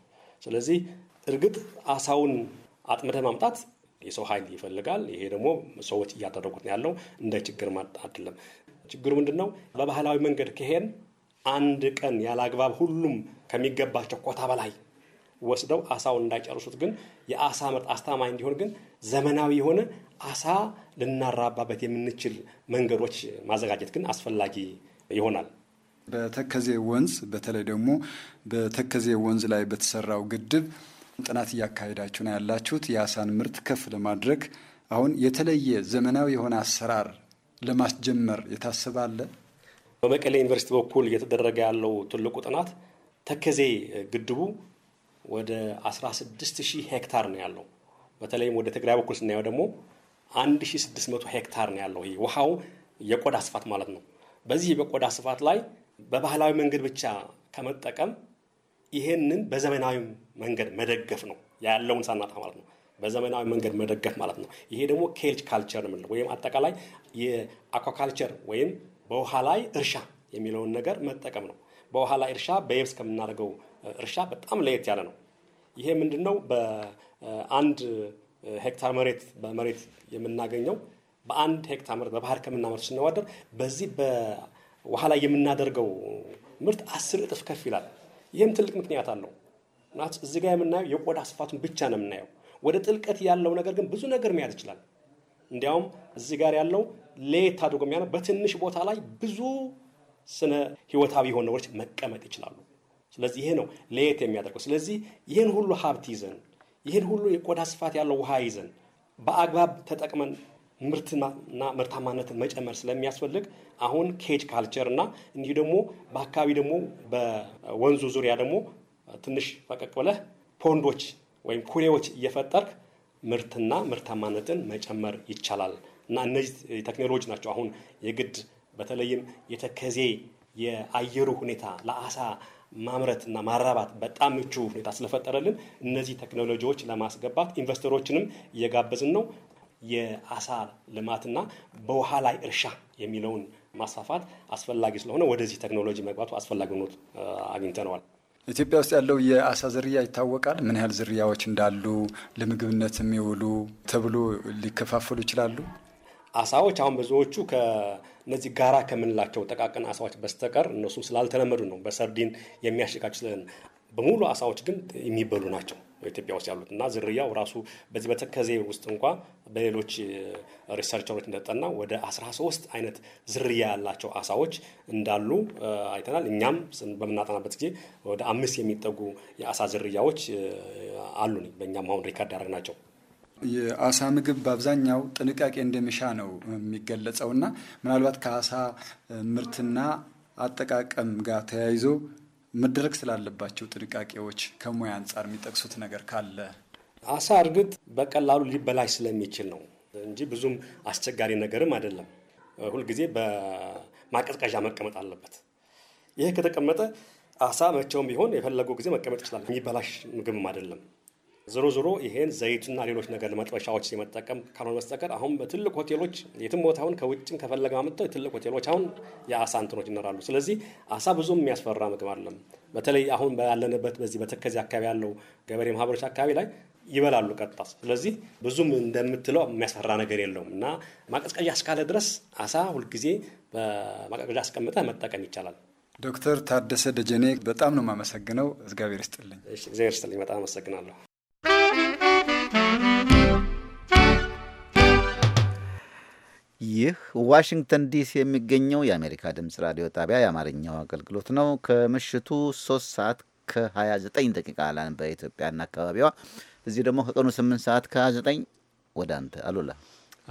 S13: ስለዚህ እርግጥ አሳውን አጥምደ ማምጣት የሰው ኃይል ይፈልጋል። ይሄ ደግሞ ሰዎች እያደረጉት ያለው እንደ ችግር አይደለም። ችግሩ ምንድን ነው? በባህላዊ መንገድ ከሄን አንድ ቀን ያለ አግባብ ሁሉም ከሚገባቸው ኮታ በላይ ወስደው አሳውን እንዳይጨርሱት ግን የአሳ ምርት አስተማማኝ እንዲሆን ግን ዘመናዊ የሆነ አሳ ልናራባበት የምንችል መንገዶች ማዘጋጀት ግን አስፈላጊ ይሆናል።
S12: በተከዜ ወንዝ በተለይ ደግሞ በተከዜ ወንዝ ላይ በተሰራው ግድብ ጥናት እያካሄዳችሁ ነው ያላችሁት የአሳን ምርት ከፍ ለማድረግ አሁን የተለየ ዘመናዊ የሆነ አሰራር ለማስጀመር የታሰበ አለ?
S13: በመቀሌ ዩኒቨርሲቲ በኩል እየተደረገ ያለው ትልቁ ጥናት ተከዜ ግድቡ ወደ 16 ሺህ ሄክታር ነው ያለው። በተለይም ወደ ትግራይ በኩል ስናየው ደግሞ 1600 ሄክታር ነው ያለው። ይህ ውሃው የቆዳ ስፋት ማለት ነው። በዚህ በቆዳ ስፋት ላይ በባህላዊ መንገድ ብቻ ከመጠቀም ይሄንን በዘመናዊ መንገድ መደገፍ ነው ያለውን ሳናጣ ማለት ነው። በዘመናዊ መንገድ መደገፍ ማለት ነው። ይሄ ደግሞ ኬልች ካልቸር የምንለው ወይም አጠቃላይ የአኳካልቸር ወይም በውሃ ላይ እርሻ የሚለውን ነገር መጠቀም ነው። በውሃ ላይ እርሻ በየብስ ከምናደርገው እርሻ በጣም ለየት ያለ ነው። ይሄ ምንድን ነው? በአንድ ሄክታር መሬት በመሬት የምናገኘው በአንድ ሄክታር መሬት በባህር ከምናመርት ስናወደር በዚህ በውሃ ላይ የምናደርገው ምርት አስር እጥፍ ከፍ ይላል። ይህም ትልቅ ምክንያት አለው። እዚጋ እዚህ ጋር የምናየው የቆዳ ስፋቱን ብቻ ነው የምናየው። ወደ ጥልቀት ያለው ነገር ግን ብዙ ነገር መያዝ ይችላል። እንዲያውም እዚህ ጋር ያለው ለየት አድርጎ የሚያ በትንሽ ቦታ ላይ ብዙ ስነ ህይወታዊ የሆኑ ነገሮች መቀመጥ ይችላሉ። ስለዚህ ይሄ ነው ለየት የሚያደርገው። ስለዚህ ይህን ሁሉ ሀብት ይዘን ይህን ሁሉ የቆዳ ስፋት ያለው ውሃ ይዘን በአግባብ ተጠቅመን ምርትና ምርታማነትን መጨመር ስለሚያስፈልግ አሁን ኬጅ ካልቸር እና እንዲሁ ደግሞ በአካባቢ ደግሞ በወንዙ ዙሪያ ደግሞ ትንሽ ፈቀቅ ብለህ ፖንዶች ወይም ኩሬዎች እየፈጠርክ ምርትና ምርታማነትን መጨመር ይቻላል። እና እነዚህ ቴክኖሎጂ ናቸው አሁን የግድ በተለይም የተከዜ የአየሩ ሁኔታ ለአሳ ማምረት እና ማራባት በጣም ምቹ ሁኔታ ስለፈጠረልን እነዚህ ቴክኖሎጂዎች ለማስገባት ኢንቨስተሮችንም እየጋበዝን ነው። የአሳ ልማትና በውሃ ላይ እርሻ የሚለውን ማስፋፋት አስፈላጊ ስለሆነ ወደዚህ ቴክኖሎጂ መግባቱ አስፈላጊ ሆኖ አግኝተነዋል። ኢትዮጵያ ውስጥ ያለው የአሳ ዝርያ
S12: ይታወቃል። ምን ያህል ዝርያዎች እንዳሉ ለምግብነት የሚውሉ ተብሎ ሊከፋፈሉ
S13: ይችላሉ። አሳዎች አሁን ብዙዎቹ ከእነዚህ ጋራ ከምንላቸው ጠቃቅን አሳዎች በስተቀር እነሱም ስላልተለመዱ ነው በሰርዲን የሚያሸቃቸው በሙሉ አሳዎች ግን የሚበሉ ናቸው። ኢትዮጵያ ውስጥ ያሉት እና ዝርያው ራሱ በዚህ በተከዜ ውስጥ እንኳ በሌሎች ሪሰርቸሮች እንደጠና ወደ 13 አይነት ዝርያ ያላቸው አሳዎች እንዳሉ አይተናል። እኛም በምናጠናበት ጊዜ ወደ አምስት የሚጠጉ የአሳ ዝርያዎች አሉን በእኛም አሁን ሪካርድ ናቸው።
S12: የአሳ ምግብ በአብዛኛው ጥንቃቄ እንደሚሻ ነው የሚገለጸውና ምናልባት ከአሳ ምርትና አጠቃቀም ጋር ተያይዞ መደረግ ስላለባቸው ጥንቃቄዎች ከሙያ አንጻር
S13: የሚጠቅሱት ነገር ካለ? አሳ እርግጥ በቀላሉ ሊበላሽ ስለሚችል ነው እንጂ ብዙም አስቸጋሪ ነገርም አይደለም። ሁልጊዜ በማቀዝቀዣ መቀመጥ አለበት። ይሄ ከተቀመጠ አሳ መቼውም ቢሆን የፈለገው ጊዜ መቀመጥ ይችላል። የሚበላሽ ምግብም አይደለም። ዞሮ ዞሮ ይሄን ዘይቱና ሌሎች ነገር ለመጥበሻዎች የመጠቀም ካልሆነ በስተቀር አሁን በትልቅ ሆቴሎች የትም ቦታውን ከውጭን ከፈለገ አምጥተው የትልቅ ሆቴሎች አሁን የአሳ እንትኖች ይኖራሉ። ስለዚህ አሳ ብዙም የሚያስፈራ ምግብ አይደለም። በተለይ አሁን ያለንበት በዚህ በተከዚ አካባቢ ያለው ገበሬ ማህበሮች አካባቢ ላይ ይበላሉ ቀጥታ። ስለዚህ ብዙም እንደምትለው የሚያስፈራ ነገር የለውም እና ማቀዝቀዣ እስካለ ድረስ አሳ ሁልጊዜ በማቀዝቀዣ አስቀምጠህ መጠቀም ይቻላል።
S12: ዶክተር ታደሰ ደጀኔ በጣም ነው የማመሰግነው። እግዚአብሔር ይስጥልኝ። እግዚአብሔር ይስጥልኝ።
S1: በጣም አመሰግናለሁ። ይህ ዋሽንግተን ዲሲ የሚገኘው የአሜሪካ ድምፅ ራዲዮ ጣቢያ የአማርኛው አገልግሎት ነው። ከምሽቱ 3 ሰዓት ከ29 ደቂቃ አላን በኢትዮጵያና አካባቢዋ፣ እዚህ ደግሞ ከቀኑ 8 ሰዓት ከ29 ወደ አንተ አሉላ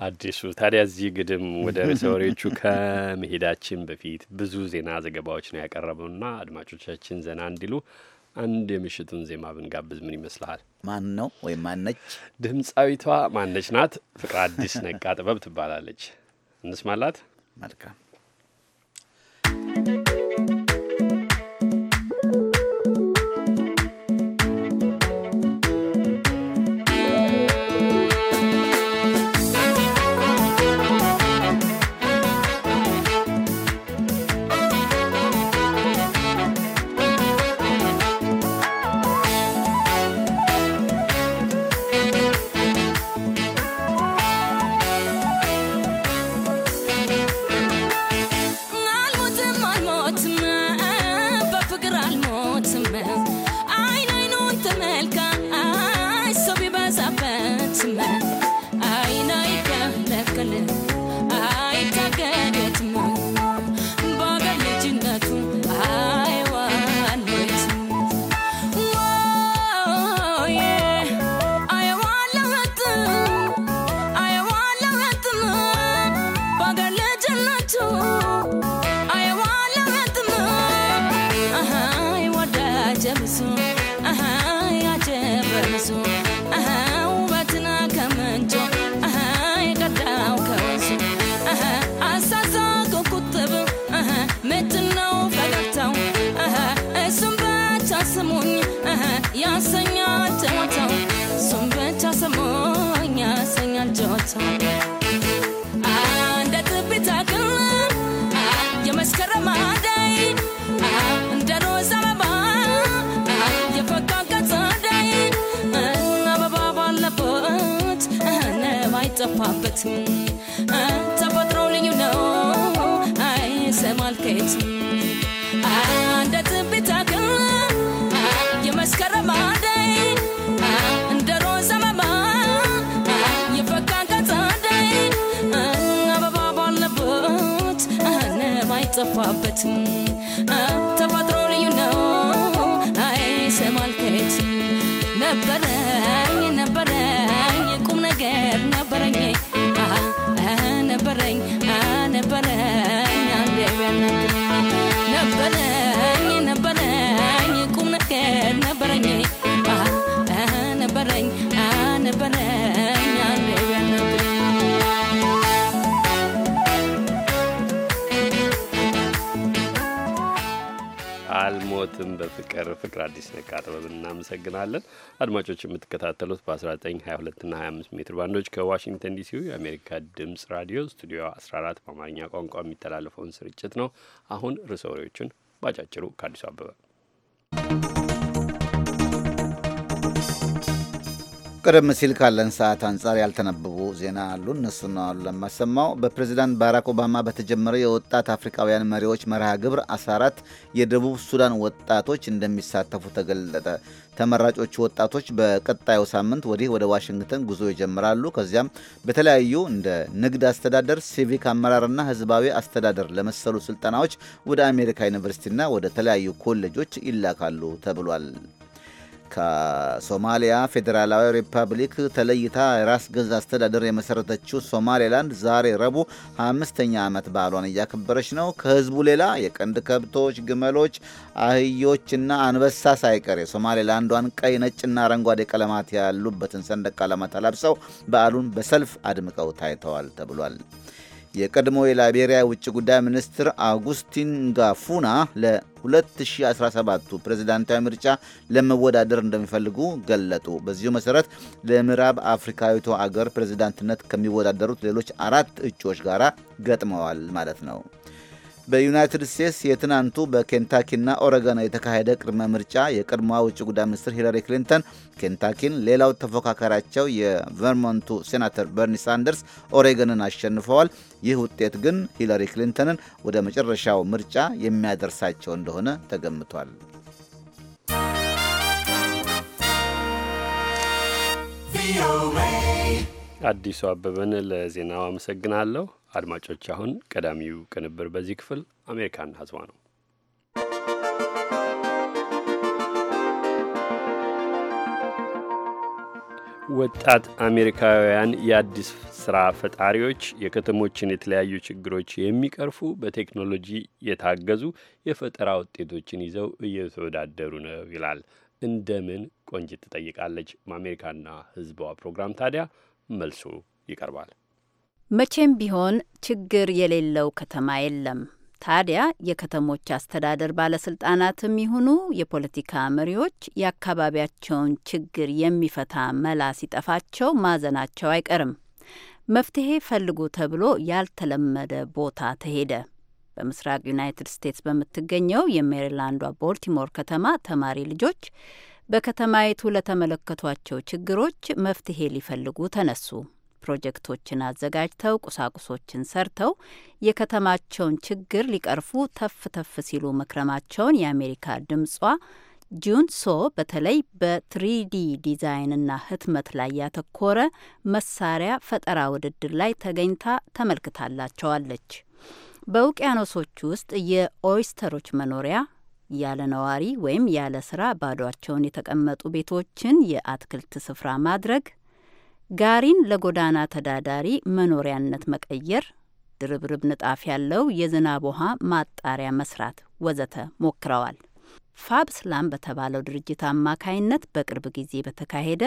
S3: አዲሱ ታዲያ እዚህ ግድም ወደ ርዕሰ ከመሄዳችን በፊት ብዙ ዜና ዘገባዎች ነው ያቀረበውና አድማጮቻችን ዘና እንዲሉ አንድ የምሽቱን ዜማ ብንጋብዝ ምን ይመስልሃል? ማን ነው ወይም ማነች? ድምፃዊቷ ማነች ናት? ፍቅር አዲስ ነቃ ጥበብ ትባላለች። እንስማላት። መልካም እናመሰግናለን። አድማጮች የምትከታተሉት በ1922 እና 25 ሜትር ባንዶች ከዋሽንግተን ዲሲው የአሜሪካ ድምፅ ራዲዮ ስቱዲዮ 14 በአማርኛ ቋንቋ የሚተላለፈውን ስርጭት ነው። አሁን ርዕሰ
S1: ወሬዎቹን ባጫጭሩ ከአዲሱ አበበ ቀደም ሲል ካለን ሰዓት አንጻር ያልተነበቡ ዜና አሉ። እነሱ ነው ለማሰማው። በፕሬዚዳንት ባራክ ኦባማ በተጀመረ የወጣት አፍሪካውያን መሪዎች መርሃ ግብር 14 የደቡብ ሱዳን ወጣቶች እንደሚሳተፉ ተገለጠ። ተመራጮቹ ወጣቶች በቀጣዩ ሳምንት ወዲህ ወደ ዋሽንግተን ጉዞ ይጀምራሉ። ከዚያም በተለያዩ እንደ ንግድ አስተዳደር፣ ሲቪክ አመራርና ህዝባዊ አስተዳደር ለመሰሉ ስልጠናዎች ወደ አሜሪካ ዩኒቨርሲቲና ወደ ተለያዩ ኮሌጆች ይላካሉ ተብሏል። ከሶማሊያ ፌዴራላዊ ሪፐብሊክ ተለይታ የራስ ገዝ አስተዳደር የመሰረተችው ሶማሌላንድ ዛሬ ረቡዕ አምስተኛ ዓመት በዓሏን እያከበረች ነው። ከህዝቡ ሌላ የቀንድ ከብቶች፣ ግመሎች፣ አህዮችና አንበሳ ሳይቀር የሶማሌላንዷን ቀይ፣ ነጭና አረንጓዴ ቀለማት ያሉበትን ሰንደቅ ዓላማ ተላብሰው በዓሉን በሰልፍ አድምቀው ታይተዋል ተብሏል። የቀድሞ የላይቤሪያ ውጭ ጉዳይ ሚኒስትር አውጉስቲን ጋፉና ለ2017 ፕሬዚዳንታዊ ምርጫ ለመወዳደር እንደሚፈልጉ ገለጡ። በዚሁ መሰረት ለምዕራብ አፍሪካዊቱ አገር ፕሬዚዳንትነት ከሚወዳደሩት ሌሎች አራት እጩዎች ጋር ገጥመዋል ማለት ነው። በዩናይትድ ስቴትስ የትናንቱ በኬንታኪና ኦረገን የተካሄደ ቅድመ ምርጫ የቀድሞዋ ውጭ ጉዳይ ሚኒስትር ሂላሪ ክሊንተን ኬንታኪን፣ ሌላው ተፎካካሪያቸው የቨርሞንቱ ሴናተር በርኒ ሳንደርስ ኦሬገንን አሸንፈዋል። ይህ ውጤት ግን ሂላሪ ክሊንተንን ወደ መጨረሻው ምርጫ የሚያደርሳቸው እንደሆነ ተገምቷል።
S6: ቪኦኤ
S1: አዲሱ አበበን ለዜናው
S3: አመሰግናለሁ። አድማጮች፣ አሁን ቀዳሚው ቅንብር በዚህ ክፍል አሜሪካና ህዝቧ ነው። ወጣት አሜሪካውያን የአዲስ ስራ ፈጣሪዎች የከተሞችን የተለያዩ ችግሮች የሚቀርፉ በቴክኖሎጂ የታገዙ የፈጠራ ውጤቶችን ይዘው እየተወዳደሩ ነው ይላል። እንደምን ቆንጅት ትጠይቃለች። በአሜሪካና ሕዝቧ ፕሮግራም ታዲያ መልሱ ይቀርባል።
S14: መቼም ቢሆን ችግር የሌለው ከተማ የለም። ታዲያ የከተሞች አስተዳደር ባለስልጣናትም ይሁኑ የፖለቲካ መሪዎች የአካባቢያቸውን ችግር የሚፈታ መላ ሲጠፋቸው ማዘናቸው አይቀርም። መፍትሄ ፈልጉ ተብሎ ያልተለመደ ቦታ ተሄደ። በምስራቅ ዩናይትድ ስቴትስ በምትገኘው የሜሪላንዷ ቦልቲሞር ከተማ ተማሪ ልጆች በከተማይቱ ለተመለከቷቸው ችግሮች መፍትሄ ሊፈልጉ ተነሱ። ፕሮጀክቶችን አዘጋጅተው ቁሳቁሶችን ሰርተው የከተማቸውን ችግር ሊቀርፉ ተፍ ተፍ ሲሉ መክረማቸውን የአሜሪካ ድምጿ ጁን ሶ በተለይ በትሪዲ ዲዛይንና ህትመት ላይ ያተኮረ መሳሪያ ፈጠራ ውድድር ላይ ተገኝታ ተመልክታላቸዋለች። በውቅያኖሶች ውስጥ የኦይስተሮች መኖሪያ ያለ ነዋሪ ወይም ያለ ስራ ባዷቸውን የተቀመጡ ቤቶችን የአትክልት ስፍራ ማድረግ፣ ጋሪን ለጎዳና ተዳዳሪ መኖሪያነት መቀየር፣ ድርብርብ ንጣፍ ያለው የዝናብ ውሃ ማጣሪያ መስራት ወዘተ ሞክረዋል። ፋብ ስላም በተባለው ድርጅት አማካይነት በቅርብ ጊዜ በተካሄደ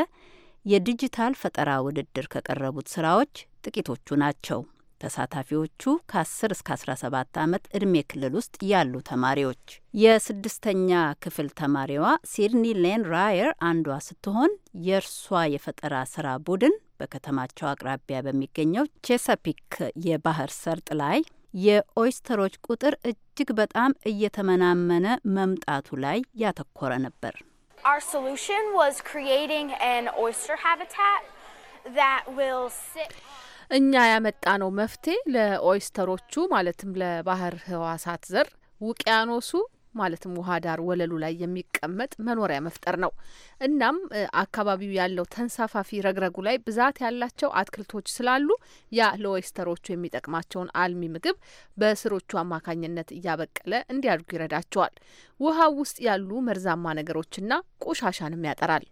S14: የዲጂታል ፈጠራ ውድድር ከቀረቡት ስራዎች ጥቂቶቹ ናቸው። ተሳታፊዎቹ ከ10 እስከ 17 ዓመት ዕድሜ ክልል ውስጥ ያሉ ተማሪዎች። የስድስተኛ ክፍል ተማሪዋ ሲድኒ ሌን ራየር አንዷ ስትሆን የእርሷ የፈጠራ ስራ ቡድን በከተማቸው አቅራቢያ በሚገኘው ቼሳፒክ የባህር ሰርጥ ላይ የኦይስተሮች ቁጥር እጅግ በጣም እየተመናመነ መምጣቱ ላይ ያተኮረ ነበር።
S4: እኛ ያመጣነው መፍትሄ ለኦይስተሮቹ ማለትም ለባህር ህዋሳት ዘር ውቅያኖሱ ማለትም ውሃ ዳር ወለሉ ላይ የሚቀመጥ መኖሪያ መፍጠር ነው። እናም አካባቢው ያለው ተንሳፋፊ ረግረጉ ላይ ብዛት ያላቸው አትክልቶች ስላሉ ያ ለኦይስተሮቹ የሚጠቅማቸውን አልሚ ምግብ በስሮቹ አማካኝነት እያበቀለ እንዲያድጉ ይረዳቸዋል። ውሃው ውስጥ ያሉ መርዛማ ነገሮችና ቆሻሻንም ያጠራል።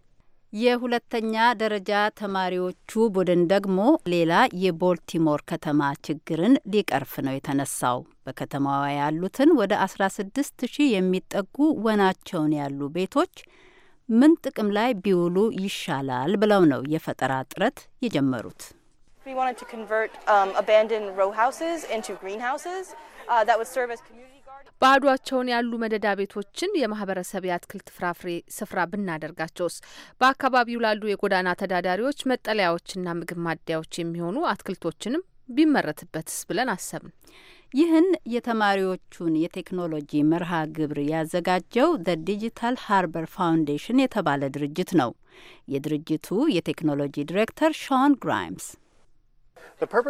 S14: የሁለተኛ ደረጃ ተማሪዎቹ ቡድን ደግሞ ሌላ የቦልቲሞር ከተማ ችግርን ሊቀርፍ ነው የተነሳው። በከተማዋ ያሉትን ወደ 16 ሺህ የሚጠጉ ወናቸውን ያሉ ቤቶች ምን ጥቅም ላይ ቢውሉ ይሻላል ብለው ነው የፈጠራ ጥረት የጀመሩት።
S6: We wanted to convert um, abandoned row houses into greenhouses uh, that would serve as community
S4: ባዷቸውን ያሉ መደዳ ቤቶችን የማህበረሰብ የአትክልት ፍራፍሬ ስፍራ ብናደርጋቸውስ? በአካባቢው ላሉ የጎዳና ተዳዳሪዎች መጠለያዎችና ምግብ ማደያዎች የሚሆኑ አትክልቶችንም ቢመረትበትስ ብለን አሰብን። ይህን የተማሪዎቹን የቴክኖሎጂ
S14: መርሃ ግብር ያዘጋጀው ዘ ዲጂታል ሃርበር ፋውንዴሽን የተባለ ድርጅት ነው። የድርጅቱ የቴክኖሎጂ ዲሬክተር ሾን ግራይምስ
S9: የፋብ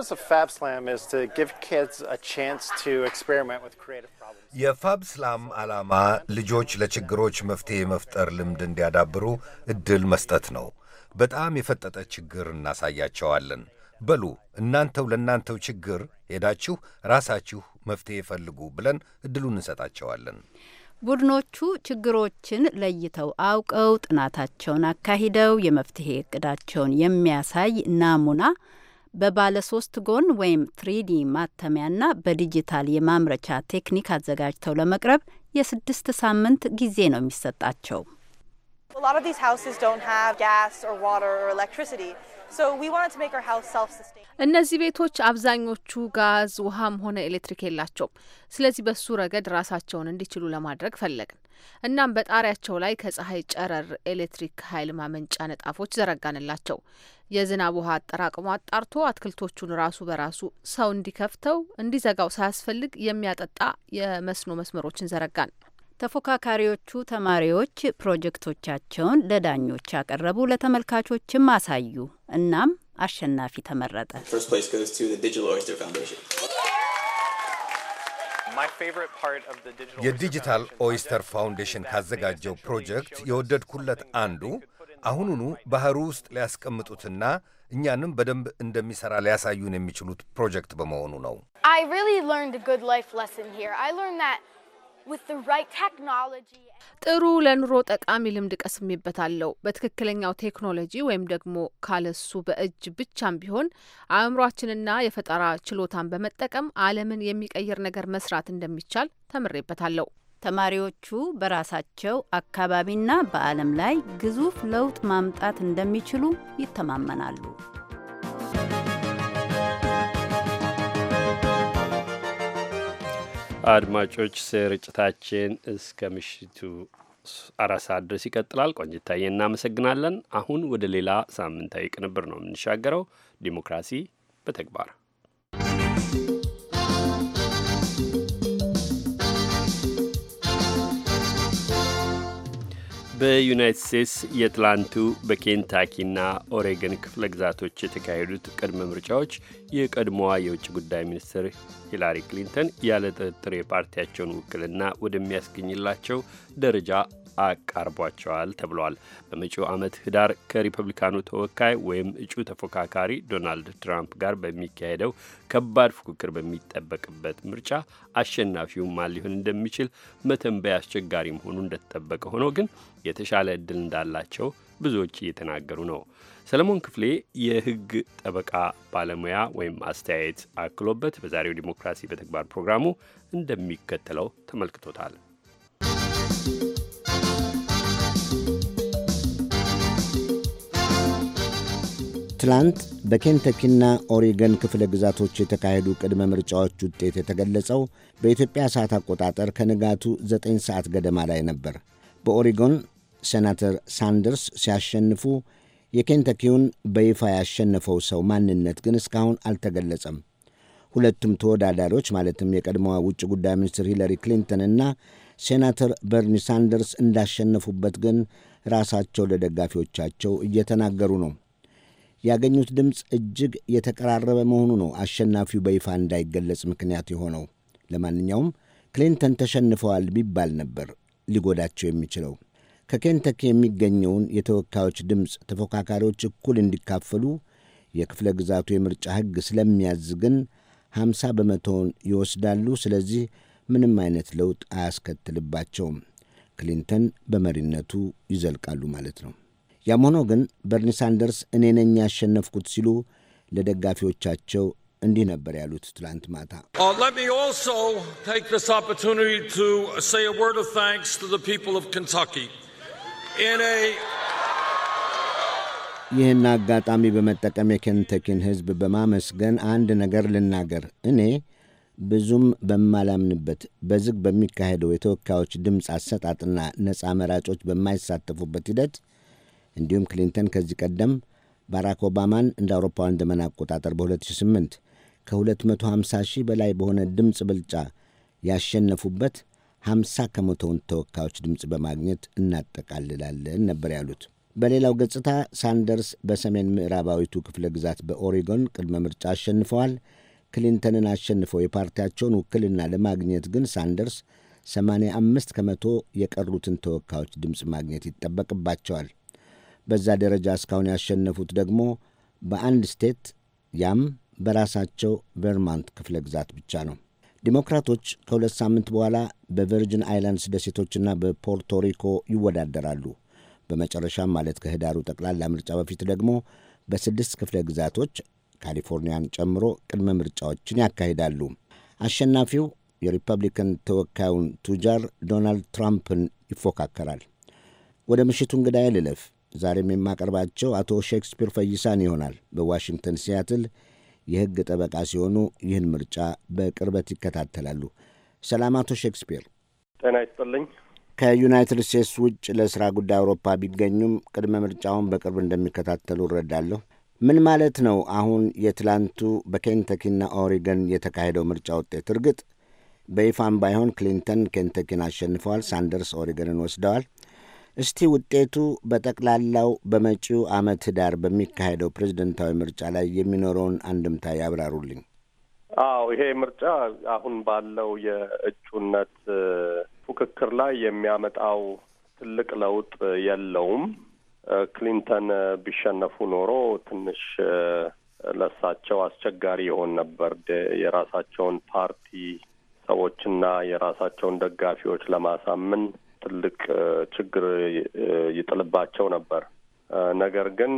S11: የፋብስላም ዓላማ ልጆች ለችግሮች መፍትሄ መፍጠር ልምድ እንዲያዳብሩ እድል መስጠት ነው። በጣም የፈጠጠ ችግር እናሳያቸዋለን። በሉ እናንተው ለእናንተው ችግር ሄዳችሁ ራሳችሁ መፍትሄ ፈልጉ ብለን እድሉን እንሰጣቸዋለን።
S14: ቡድኖቹ ችግሮችን ለይተው አውቀው ጥናታቸውን አካሂደው የመፍትሄ እቅዳቸውን የሚያሳይ ናሙና በባለ ሶስት ጎን ወይም ትሪዲ ማተሚያና በዲጂታል የማምረቻ ቴክኒክ አዘጋጅተው ለመቅረብ የስድስት ሳምንት ጊዜ ነው የሚሰጣቸው።
S4: እነዚህ ቤቶች አብዛኞቹ ጋዝ ውሃም ሆነ ኤሌክትሪክ የላቸውም። ስለዚህ በሱ ረገድ ራሳቸውን እንዲችሉ ለማድረግ ፈለግን። እናም በጣሪያቸው ላይ ከፀሐይ ጨረር ኤሌክትሪክ ኃይል ማመንጫ ንጣፎች ዘረጋንላቸው። የዝናብ ውሃ አጠራቅሞ አጣርቶ አትክልቶቹን ራሱ በራሱ ሰው እንዲከፍተው እንዲዘጋው ሳያስፈልግ የሚያጠጣ የመስኖ መስመሮችን ዘረጋን።
S14: ተፎካካሪዎቹ ተማሪዎች ፕሮጀክቶቻቸውን ለዳኞች ያቀረቡ፣ ለተመልካቾችም አሳዩ። እናም አሸናፊ ተመረጠ።
S11: የዲጂታል ኦይስተር ፋውንዴሽን ካዘጋጀው ፕሮጀክት የወደድኩለት አንዱ አሁኑኑ ባህሩ ውስጥ ሊያስቀምጡትና እኛንም በደንብ እንደሚሰራ ሊያሳዩን የሚችሉት ፕሮጀክት በመሆኑ ነው።
S4: ጥሩ ለኑሮ ጠቃሚ ልምድ ቀስሜበታለሁ። በትክክለኛው ቴክኖሎጂ ወይም ደግሞ ካለሱ በእጅ ብቻም ቢሆን አእምሯችንና የፈጠራ ችሎታን በመጠቀም ዓለምን የሚቀይር ነገር መስራት እንደሚቻል ተምሬበታለሁ። ተማሪዎቹ በራሳቸው አካባቢና
S14: በዓለም ላይ ግዙፍ ለውጥ ማምጣት እንደሚችሉ ይተማመናሉ።
S3: አድማጮች ስርጭታችን እስከ ምሽቱ አራት ሰዓት ድረስ ይቀጥላል። ቆንጅታዬ እናመሰግናለን። አሁን ወደ ሌላ ሳምንታዊ ቅንብር ነው የምንሻገረው። ዲሞክራሲ በተግባር በዩናይትድ ስቴትስ የትላንቱ በኬንታኪና ኦሬገን ክፍለ ግዛቶች የተካሄዱት ቅድመ ምርጫዎች የቀድሞዋ የውጭ ጉዳይ ሚኒስትር ሂላሪ ክሊንተን ያለ ጥርጥር የፓርቲያቸውን ውክልና ወደሚያስገኝላቸው ደረጃ አቃርቧቸዋል ተብሏል። በመጪው ዓመት ህዳር ከሪፐብሊካኑ ተወካይ ወይም እጩ ተፎካካሪ ዶናልድ ትራምፕ ጋር በሚካሄደው ከባድ ፉክክር በሚጠበቅበት ምርጫ አሸናፊው ማን ሊሆን እንደሚችል መተንበይ አስቸጋሪ መሆኑ እንደተጠበቀ ሆኖ ግን የተሻለ እድል እንዳላቸው ብዙዎች እየተናገሩ ነው። ሰለሞን ክፍሌ የህግ ጠበቃ ባለሙያ ወይም አስተያየት አክሎበት በዛሬው ዲሞክራሲ በተግባር ፕሮግራሙ እንደሚከተለው ተመልክቶታል።
S7: ትላንት በኬንተኪና ኦሪገን ክፍለ ግዛቶች የተካሄዱ ቅድመ ምርጫዎች ውጤት የተገለጸው በኢትዮጵያ ሰዓት አቆጣጠር ከንጋቱ 9 ሰዓት ገደማ ላይ ነበር። በኦሪጎን ሴናተር ሳንደርስ ሲያሸንፉ የኬንተኪውን በይፋ ያሸነፈው ሰው ማንነት ግን እስካሁን አልተገለጸም። ሁለቱም ተወዳዳሪዎች ማለትም የቀድሞዋ ውጭ ጉዳይ ሚኒስትር ሂለሪ ክሊንተን እና ሴናተር በርኒ ሳንደርስ እንዳሸነፉበት ግን ራሳቸው ለደጋፊዎቻቸው እየተናገሩ ነው። ያገኙት ድምፅ እጅግ የተቀራረበ መሆኑ ነው አሸናፊው በይፋ እንዳይገለጽ ምክንያት የሆነው። ለማንኛውም ክሊንተን ተሸንፈዋል ቢባል ነበር ሊጎዳቸው የሚችለው። ከኬንተኪ የሚገኘውን የተወካዮች ድምፅ ተፎካካሪዎች እኩል እንዲካፈሉ የክፍለ ግዛቱ የምርጫ ሕግ ስለሚያዝ ግን 50 በመቶውን ይወስዳሉ። ስለዚህ ምንም አይነት ለውጥ አያስከትልባቸውም። ክሊንተን በመሪነቱ ይዘልቃሉ ማለት ነው። ያም ሆኖ ግን በርኒ ሳንደርስ እኔ ነኝ ያሸነፍኩት ሲሉ ለደጋፊዎቻቸው እንዲህ ነበር ያሉት ትላንት ማታ። uh, ይህን አጋጣሚ በመጠቀም የኬንተኪን ሕዝብ በማመስገን አንድ ነገር ልናገር። እኔ ብዙም በማላምንበት በዝግ በሚካሄደው የተወካዮች ድምፅ አሰጣጥና ነፃ መራጮች በማይሳተፉበት ሂደት እንዲሁም ክሊንተን ከዚህ ቀደም ባራክ ኦባማን እንደ አውሮፓውያን ዘመን አቆጣጠር በ2008 ከ250 ሺህ በላይ በሆነ ድምፅ ብልጫ ያሸነፉበት 50 ከመቶውን ተወካዮች ድምፅ በማግኘት እናጠቃልላለን ነበር ያሉት። በሌላው ገጽታ ሳንደርስ በሰሜን ምዕራባዊቱ ክፍለ ግዛት በኦሪጎን ቅድመ ምርጫ አሸንፈዋል። ክሊንተንን አሸንፈው የፓርቲያቸውን ውክልና ለማግኘት ግን ሳንደርስ 85 ከመቶ የቀሩትን ተወካዮች ድምፅ ማግኘት ይጠበቅባቸዋል። በዛ ደረጃ እስካሁን ያሸነፉት ደግሞ በአንድ ስቴት ያም በራሳቸው ቨርማንት ክፍለ ግዛት ብቻ ነው። ዲሞክራቶች ከሁለት ሳምንት በኋላ በቨርጅን አይላንድስ ደሴቶችና በፖርቶሪኮ ይወዳደራሉ። በመጨረሻም ማለት ከህዳሩ ጠቅላላ ምርጫ በፊት ደግሞ በስድስት ክፍለ ግዛቶች ካሊፎርኒያን ጨምሮ ቅድመ ምርጫዎችን ያካሂዳሉ። አሸናፊው የሪፐብሊካን ተወካዩን ቱጃር ዶናልድ ትራምፕን ይፎካከራል። ወደ ምሽቱ እንግዳ ልለፍ። ዛሬም የማቀርባቸው አቶ ሼክስፒር ፈይሳን ይሆናል። በዋሽንግተን ሲያትል የሕግ ጠበቃ ሲሆኑ ይህን ምርጫ በቅርበት ይከታተላሉ። ሰላም አቶ ሼክስፒር፣
S15: ጤና
S8: ይስጥልኝ።
S7: ከዩናይትድ ስቴትስ ውጭ ለስራ ጉዳይ አውሮፓ ቢገኙም ቅድመ ምርጫውን በቅርብ እንደሚከታተሉ እረዳለሁ። ምን ማለት ነው አሁን የትላንቱ በኬንተኪና ኦሪገን የተካሄደው ምርጫ ውጤት? እርግጥ በይፋም ባይሆን ክሊንተን ኬንተኪን አሸንፈዋል፣ ሳንደርስ ኦሪገንን ወስደዋል። እስቲ ውጤቱ በጠቅላላው በመጪው ዓመት ህዳር በሚካሄደው ፕሬዝደንታዊ ምርጫ ላይ የሚኖረውን አንድምታ ያብራሩልኝ።
S8: አዎ ይሄ ምርጫ አሁን ባለው የእጩነት ፉክክር ላይ የሚያመጣው ትልቅ ለውጥ የለውም። ክሊንተን ቢሸነፉ ኖሮ ትንሽ ለሳቸው አስቸጋሪ ይሆን ነበር። የራሳቸውን ፓርቲ ሰዎችና የራሳቸውን ደጋፊዎች ለማሳመን ትልቅ ችግር ይጥልባቸው ነበር። ነገር ግን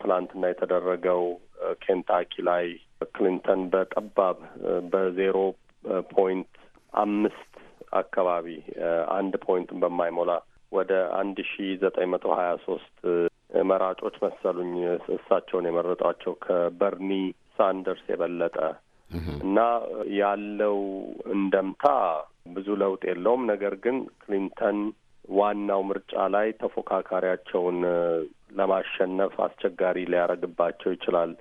S8: ትላንትና የተደረገው ኬንታኪ ላይ ክሊንተን በጠባብ በዜሮ ፖይንት አምስት አካባቢ አንድ ፖይንትን በማይሞላ ወደ አንድ ሺ ዘጠኝ መቶ ሀያ ሶስት መራጮች መሰሉኝ እሳቸውን የመረጧቸው ከበርኒ ሳንደርስ የበለጠ እና ያለው እንደምታ ብዙ ለውጥ የለውም። ነገር ግን ክሊንተን ዋናው ምርጫ ላይ ተፎካካሪያቸውን ለማሸነፍ አስቸጋሪ ሊያደርግባቸው ይችላል።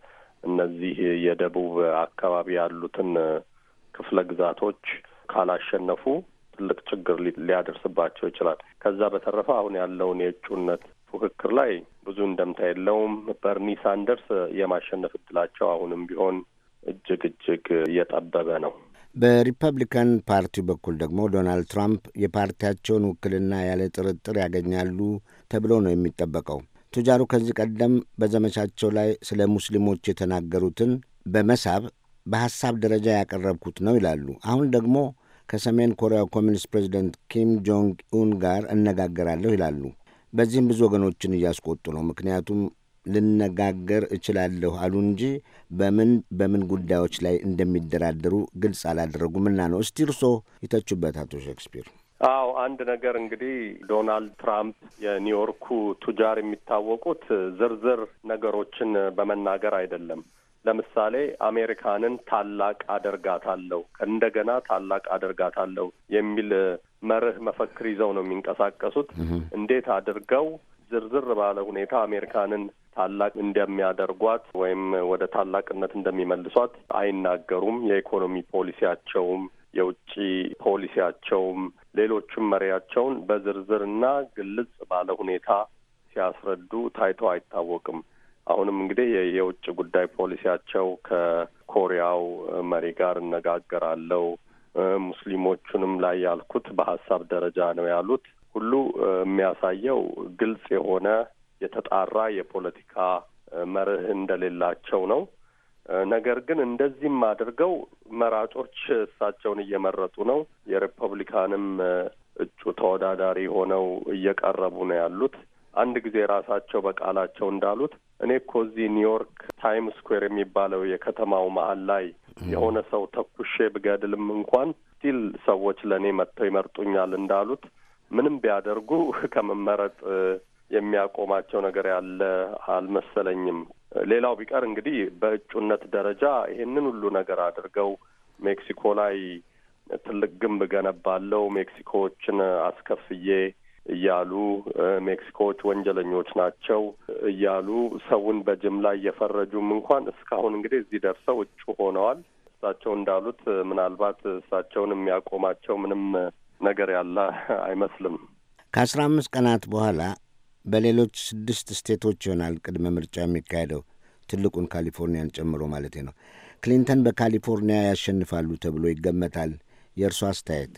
S8: እነዚህ የደቡብ አካባቢ ያሉትን ክፍለ ግዛቶች ካላሸነፉ ትልቅ ችግር ሊያደርስባቸው ይችላል። ከዛ በተረፈ አሁን ያለውን የእጩነት ፉክክር ላይ ብዙ እንደምታ የለውም። በርኒ ሳንደርስ የማሸነፍ እድላቸው አሁንም ቢሆን እጅግ እጅግ እየጠበበ ነው።
S7: በሪፐብሊካን ፓርቲው በኩል ደግሞ ዶናልድ ትራምፕ የፓርቲያቸውን ውክልና ያለ ጥርጥር ያገኛሉ ተብሎ ነው የሚጠበቀው። ቱጃሩ ከዚህ ቀደም በዘመቻቸው ላይ ስለ ሙስሊሞች የተናገሩትን በመሳብ በሐሳብ ደረጃ ያቀረብኩት ነው ይላሉ። አሁን ደግሞ ከሰሜን ኮሪያ ኮሚኒስት ፕሬዚደንት ኪም ጆንግ ኡን ጋር እነጋገራለሁ ይላሉ። በዚህም ብዙ ወገኖችን እያስቆጡ ነው። ምክንያቱም ልነጋገር እችላለሁ አሉ እንጂ በምን በምን ጉዳዮች ላይ እንደሚደራደሩ ግልጽ አላደረጉምና ነው። እስቲ እርሶ ይተቹበት አቶ ሼክስፒር።
S8: አዎ አንድ ነገር እንግዲህ ዶናልድ ትራምፕ የኒውዮርኩ ቱጃር የሚታወቁት ዝርዝር ነገሮችን በመናገር አይደለም። ለምሳሌ አሜሪካንን ታላቅ አደርጋታለሁ፣ እንደገና ታላቅ አደርጋታለሁ የሚል መርህ መፈክር ይዘው ነው የሚንቀሳቀሱት። እንዴት አድርገው ዝርዝር ባለ ሁኔታ አሜሪካንን ታላቅ እንደሚያደርጓት ወይም ወደ ታላቅነት እንደሚመልሷት አይናገሩም። የኢኮኖሚ ፖሊሲያቸውም የውጭ ፖሊሲያቸውም ሌሎችም መሪያቸውን በዝርዝርና ግልጽ ባለ ሁኔታ ሲያስረዱ ታይቶ አይታወቅም። አሁንም እንግዲህ የውጭ ጉዳይ ፖሊሲያቸው ከኮሪያው መሪ ጋር እነጋገራለው ሙስሊሞቹንም ላይ ያልኩት በሀሳብ ደረጃ ነው ያሉት። ሁሉ የሚያሳየው ግልጽ የሆነ የተጣራ የፖለቲካ መርህ እንደሌላቸው ነው። ነገር ግን እንደዚህም አድርገው መራጮች እሳቸውን እየመረጡ ነው። የሪፐብሊካንም እጩ ተወዳዳሪ ሆነው እየቀረቡ ነው ያሉት። አንድ ጊዜ ራሳቸው በቃላቸው እንዳሉት እኔ እኮ እዚህ ኒውዮርክ ታይም ስኩዌር የሚባለው የከተማው መሀል ላይ የሆነ ሰው ተኩሼ ብገድልም እንኳን ስቲል ሰዎች ለእኔ መጥተው ይመርጡኛል እንዳሉት ምንም ቢያደርጉ ከመመረጥ የሚያቆማቸው ነገር ያለ አልመሰለኝም። ሌላው ቢቀር እንግዲህ በእጩነት ደረጃ ይሄንን ሁሉ ነገር አድርገው ሜክሲኮ ላይ ትልቅ ግንብ ገነባለው፣ ሜክሲኮዎችን አስከፍዬ እያሉ ሜክሲኮዎች ወንጀለኞች ናቸው እያሉ ሰውን በጅምላ እየፈረጁም እንኳን እስካሁን እንግዲህ እዚህ ደርሰው እጩ ሆነዋል። እሳቸው እንዳሉት ምናልባት እሳቸውን የሚያቆማቸው ምንም ነገር ያለ አይመስልም።
S7: ከአስራ አምስት ቀናት በኋላ በሌሎች ስድስት ስቴቶች ይሆናል ቅድመ ምርጫ የሚካሄደው ትልቁን ካሊፎርኒያን ጨምሮ ማለቴ ነው። ክሊንተን በካሊፎርኒያ ያሸንፋሉ ተብሎ ይገመታል። የእርሶ አስተያየት?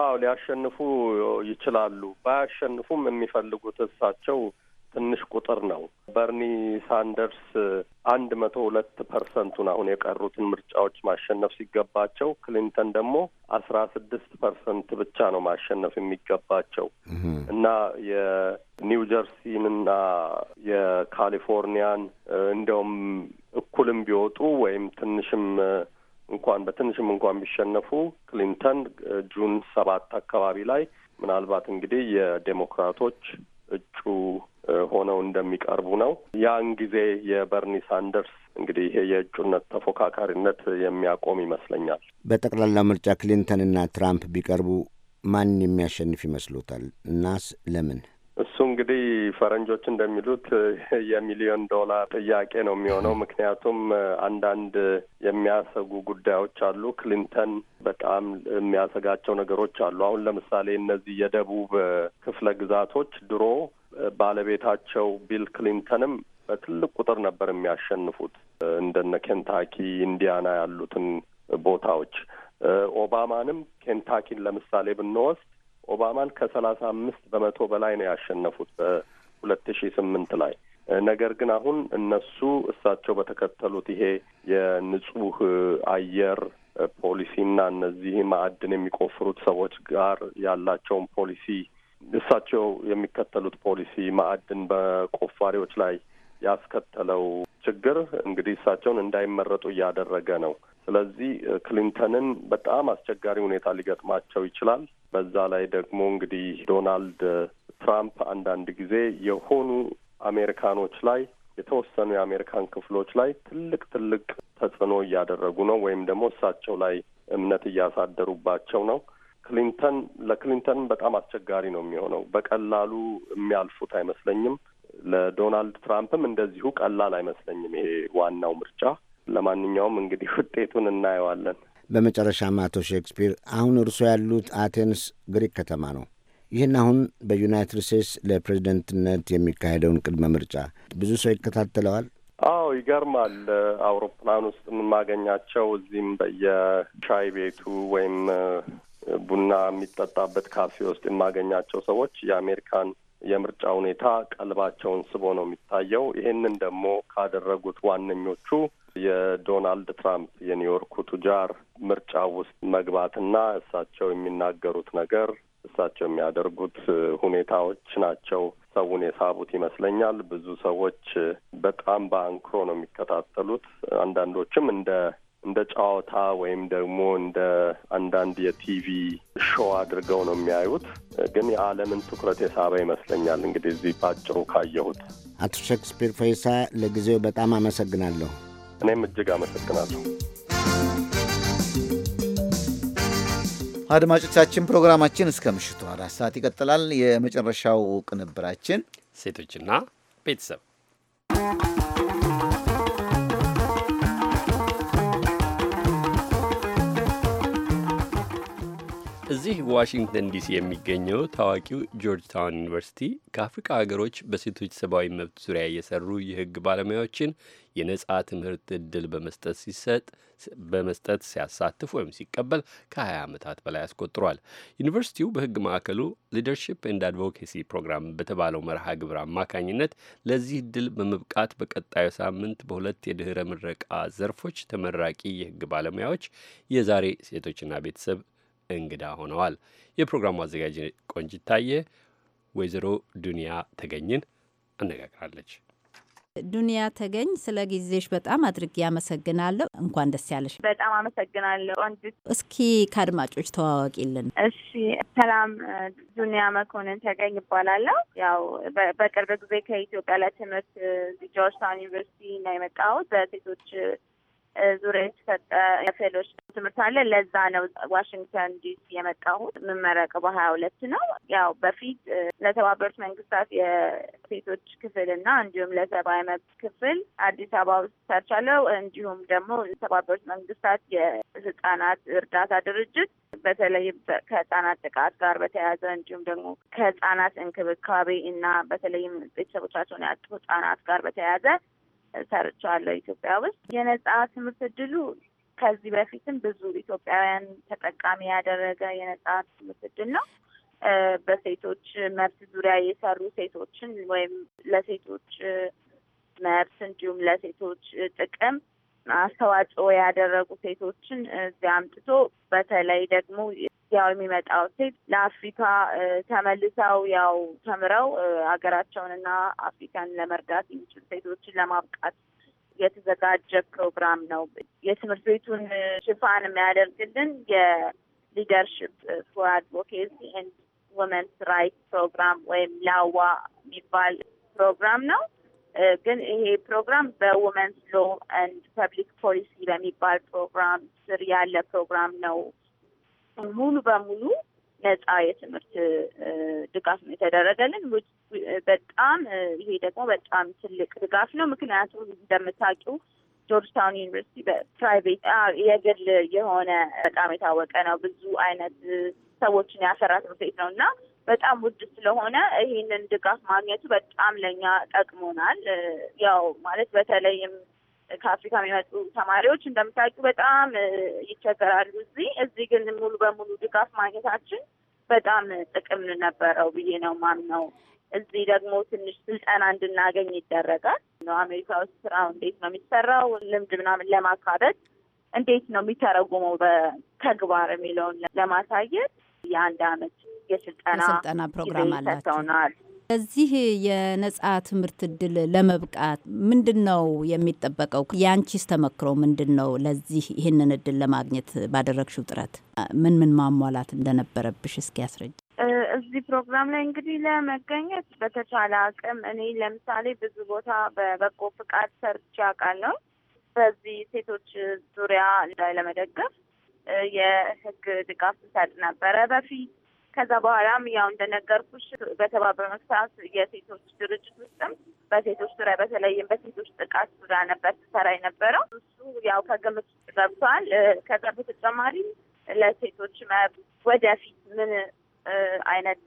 S8: አዎ ሊያሸንፉ ይችላሉ። ባያሸንፉም የሚፈልጉት እሳቸው ትንሽ ቁጥር ነው። በርኒ ሳንደርስ አንድ መቶ ሁለት ፐርሰንቱን አሁን የቀሩትን ምርጫዎች ማሸነፍ ሲገባቸው ክሊንተን ደግሞ አስራ ስድስት ፐርሰንት ብቻ ነው ማሸነፍ የሚገባቸው እና የኒው ጀርሲንና የካሊፎርኒያን እንደውም እኩልም ቢወጡ ወይም ትንሽም እንኳን በትንሽም እንኳን ቢሸነፉ ክሊንተን ጁን ሰባት አካባቢ ላይ ምናልባት እንግዲህ የዴሞክራቶች እጩ ሆነው እንደሚቀርቡ ነው። ያን ጊዜ የበርኒ ሳንደርስ እንግዲህ ይሄ የእጩነት ተፎካካሪነት የሚያቆም ይመስለኛል።
S7: በጠቅላላ ምርጫ እና ትራምፕ ቢቀርቡ ማን የሚያሸንፍ ይመስሎታል? እናስ ለምን?
S8: እሱ እንግዲህ ፈረንጆች እንደሚሉት የሚሊዮን ዶላር ጥያቄ ነው የሚሆነው። ምክንያቱም አንዳንድ የሚያሰጉ ጉዳዮች አሉ። ክሊንተን በጣም የሚያሰጋቸው ነገሮች አሉ። አሁን ለምሳሌ እነዚህ የደቡብ ክፍለ ግዛቶች ድሮ ባለቤታቸው ቢል ክሊንተንም በትልቅ ቁጥር ነበር የሚያሸንፉት እንደነ ኬንታኪ፣ ኢንዲያና ያሉትን ቦታዎች። ኦባማንም ኬንታኪን ለምሳሌ ብንወስድ ኦባማን ከሰላሳ አምስት በመቶ በላይ ነው ያሸነፉት በሁለት ሺ ስምንት ላይ ነገር ግን አሁን እነሱ እሳቸው በተከተሉት ይሄ የንጹህ አየር ፖሊሲና እነዚህ ማዕድን የሚቆፍሩት ሰዎች ጋር ያላቸውን ፖሊሲ እሳቸው የሚከተሉት ፖሊሲ ማዕድን በቆፋሪዎች ላይ ያስከተለው ችግር እንግዲህ እሳቸውን እንዳይመረጡ እያደረገ ነው። ስለዚህ ክሊንተንን በጣም አስቸጋሪ ሁኔታ ሊገጥማቸው ይችላል። በዛ ላይ ደግሞ እንግዲህ ዶናልድ ትራምፕ አንዳንድ ጊዜ የሆኑ አሜሪካኖች ላይ የተወሰኑ የአሜሪካን ክፍሎች ላይ ትልቅ ትልቅ ተጽዕኖ እያደረጉ ነው ወይም ደግሞ እሳቸው ላይ እምነት እያሳደሩባቸው ነው። ክሊንተን ለክሊንተን በጣም አስቸጋሪ ነው የሚሆነው። በቀላሉ የሚያልፉት አይመስለኝም። ለዶናልድ ትራምፕም እንደዚሁ ቀላል አይመስለኝም ይሄ ዋናው ምርጫ። ለማንኛውም እንግዲህ ውጤቱን
S7: እናየዋለን። በመጨረሻም አቶ ሼክስፒር አሁን እርሶ ያሉት አቴንስ ግሪክ ከተማ ነው። ይህን አሁን በዩናይትድ ስቴትስ ለፕሬዚደንትነት የሚካሄደውን ቅድመ ምርጫ ብዙ ሰው ይከታተለዋል።
S8: አዎ ይገርማል። አውሮፕላን ውስጥ የምናገኛቸው እዚህም በየሻይ ቤቱ ወይም ቡና የሚጠጣበት ካፌ ውስጥ የማገኛቸው ሰዎች የአሜሪካን የምርጫ ሁኔታ ቀልባቸውን ስቦ ነው የሚታየው። ይህንን ደግሞ ካደረጉት ዋነኞቹ የዶናልድ ትራምፕ የኒውዮርኩ ቱጃር ምርጫ ውስጥ መግባትና እሳቸው የሚናገሩት ነገር እሳቸው የሚያደርጉት ሁኔታዎች ናቸው ሰውን የሳቡት ይመስለኛል። ብዙ ሰዎች በጣም በአንክሮ ነው የሚከታተሉት። አንዳንዶችም እንደ እንደ ጨዋታ ወይም ደግሞ እንደ አንዳንድ የቲቪ ሾው አድርገው ነው የሚያዩት። ግን የዓለምን ትኩረት የሳበ ይመስለኛል። እንግዲህ እዚህ ባጭሩ ካየሁት።
S7: አቶ ሼክስፒር ፈይሳ ለጊዜው በጣም አመሰግናለሁ።
S8: እኔም እጅግ አመሰግናለሁ።
S1: አድማጮቻችን ፕሮግራማችን እስከ ምሽቱ አራት ሰዓት ይቀጥላል። የመጨረሻው ቅንብራችን
S3: ሴቶችና ቤተሰብ እዚህ ዋሽንግተን ዲሲ የሚገኘው ታዋቂው ጆርጅ ታውን ዩኒቨርሲቲ ከአፍሪካ ሀገሮች በሴቶች ሰብአዊ መብት ዙሪያ የሰሩ የህግ ባለሙያዎችን የነጻ ትምህርት እድል በመስጠት ሲሰጥ በመስጠት ሲያሳትፍ ወይም ሲቀበል ከ20 ዓመታት በላይ አስቆጥሯል። ዩኒቨርሲቲው በህግ ማዕከሉ ሊደርሺፕ ኤንድ አድቮኬሲ ፕሮግራም በተባለው መርሃ ግብር አማካኝነት ለዚህ እድል በመብቃት በቀጣዩ ሳምንት በሁለት የድኅረ ምረቃ ዘርፎች ተመራቂ የህግ ባለሙያዎች የዛሬ ሴቶችና ቤተሰብ እንግዳ ሆነዋል። የፕሮግራሙ አዘጋጅ ቆንጅት ታየ ወይዘሮ ዱኒያ ተገኝን አነጋግራለች።
S14: ዱኒያ ተገኝ ስለ ጊዜሽ በጣም አድርጌ አመሰግናለሁ። እንኳን ደስ ያለሽ። በጣም
S15: አመሰግናለሁ ቆንጅት።
S14: እስኪ ከአድማጮች ተዋወቂልን። እሺ፣
S15: ሰላም ዱኒያ መኮንን ተገኝ ይባላለሁ። ያው በቅርብ ጊዜ ከኢትዮጵያ ለትምህርት ጆርጅታውን ዩኒቨርሲቲ እና የመጣሁት በሴቶች ዙሪያ የተሰጠ ፌሎች ትምህርት አለ። ለዛ ነው ዋሽንግተን ዲሲ የመጣሁት። የምመረቀው በሀያ ሁለት ነው። ያው በፊት ለተባበሩት መንግስታት የሴቶች ክፍል እና እንዲሁም ለሰብአዊ መብት ክፍል አዲስ አበባ ውስጥ ሰርቻለሁ። እንዲሁም ደግሞ የተባበሩት መንግስታት የህጻናት እርዳታ ድርጅት በተለይ ከህጻናት ጥቃት ጋር በተያያዘ እንዲሁም ደግሞ ከህጻናት እንክብካቤ እና በተለይም ቤተሰቦቻቸውን ያጡ ህጻናት ጋር በተያያዘ ሰርቻለሁ ኢትዮጵያ ውስጥ የነጻ ትምህርት እድሉ ከዚህ በፊትም ብዙ ኢትዮጵያውያን ተጠቃሚ ያደረገ የነጻ ትምህርት ነው። በሴቶች መብት ዙሪያ የሰሩ ሴቶችን ወይም ለሴቶች መብት እንዲሁም ለሴቶች ጥቅም አስተዋጽኦ ያደረጉ ሴቶችን እዚያ አምጥቶ በተለይ ደግሞ ያው የሚመጣው ሴት ለአፍሪካ ተመልሰው ያው ተምረው ሀገራቸውንና አፍሪካን ለመርዳት የሚችሉ ሴቶችን ለማብቃት የተዘጋጀ ፕሮግራም ነው። የትምህርት ቤቱን ሽፋን የሚያደርግልን የሊደርሽፕ ፎር አድቮኬሲ ኤንድ ወመንስ ራይት ፕሮግራም ወይም ላዋ የሚባል ፕሮግራም ነው። ግን ይሄ ፕሮግራም በውመንስ ሎ ኤንድ ፐብሊክ ፖሊሲ በሚባል ፕሮግራም ስር ያለ ፕሮግራም ነው ሙሉ በሙሉ ነጻ የትምህርት ድጋፍ ነው የተደረገልን። በጣም ይሄ ደግሞ በጣም ትልቅ ድጋፍ ነው። ምክንያቱም እንደምታውቂው ጆርጅታውን ዩኒቨርሲቲ በፕራይቬት የግል የሆነ በጣም የታወቀ ነው። ብዙ አይነት ሰዎችን ያፈራ ትምህርት ቤት ነው እና በጣም ውድ ስለሆነ ይህንን ድጋፍ ማግኘቱ በጣም ለእኛ ጠቅሞናል። ያው ማለት በተለይም ከአፍሪካ የሚመጡ ተማሪዎች እንደምታውቂው በጣም ይቸገራሉ እዚህ እዚህ ግን ሙሉ በሙሉ ድጋፍ ማግኘታችን በጣም ጥቅም ነበረው ብዬ ነው ማምነው። እዚህ ደግሞ ትንሽ ስልጠና እንድናገኝ ይደረጋል። አሜሪካ ውስጥ ስራው እንዴት ነው የሚሰራው ልምድ ምናምን ለማካበት እንዴት ነው የሚተረጉመው በተግባር የሚለውን ለማሳየት የአንድ አመት የስልጠና ፕሮግራም አላቸው።
S14: እዚህ የነጻ ትምህርት እድል ለመብቃት ምንድን ነው የሚጠበቀው? የአንቺስ ተመክሮ ምንድን ነው? ለዚህ ይህንን እድል ለማግኘት ባደረግሽው ጥረት ምን ምን ማሟላት እንደነበረብሽ እስኪ ያስረጅ።
S15: እዚህ ፕሮግራም ላይ እንግዲህ ለመገኘት በተቻለ አቅም እኔ ለምሳሌ ብዙ ቦታ በበጎ ፍቃድ ሰርች አውቃለሁ። በዚህ ሴቶች ዙሪያ ላይ ለመደገፍ የህግ ድጋፍ ሰጥ ነበረ በፊት ከዛ በኋላም ያው እንደነገርኩሽ በተባበረ መንግስታት የሴቶች ድርጅት ውስጥም በሴቶች ዙሪያ በተለይም በሴቶች ጥቃት ዙሪያ ነበር ትሰራ የነበረው። እሱ ያው ከግምት ውስጥ ገብቷል። ከዛ በተጨማሪ ለሴቶች መብት ወደፊት ምን አይነት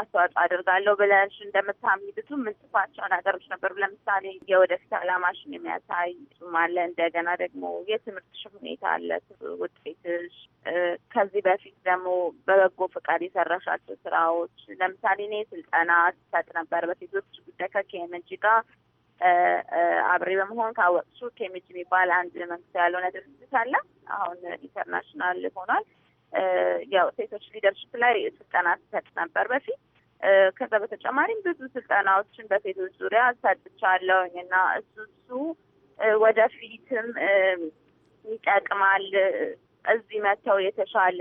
S15: አስተዋጽኦ አድርጋለሁ ብለሽ እንደምታምሂብቱ ምንጽፋቸውን ነገሮች ነበሩ። ለምሳሌ የወደፊት አላማሽን የሚያሳይ ጽሑፍ አለ። እንደገና ደግሞ የትምህርትሽ ሁኔታ አለ፣ ውጤትሽ። ከዚህ በፊት ደግሞ በበጎ ፈቃድ የሰራሻቸው ስራዎች፣ ለምሳሌ እኔ ስልጠና ሰጥ ነበር በሴቶች ጉዳይ ከኬምጂ ጋር አብሬ በመሆን ካወቅሱ ኬሚጅ የሚባል አንድ መንግስት ያልሆነ ድርጅት አለ። አሁን ኢንተርናሽናል ሆኗል። ያው ሴቶች ሊደርሽፕ ላይ ስልጠና ትሰጥ ነበር በፊት። ከዛ በተጨማሪም ብዙ ስልጠናዎችን በሴቶች ዙሪያ ሰጥቻለሁኝ እና እሱ እሱ ወደፊትም ይጠቅማል። እዚህ መጥተው የተሻለ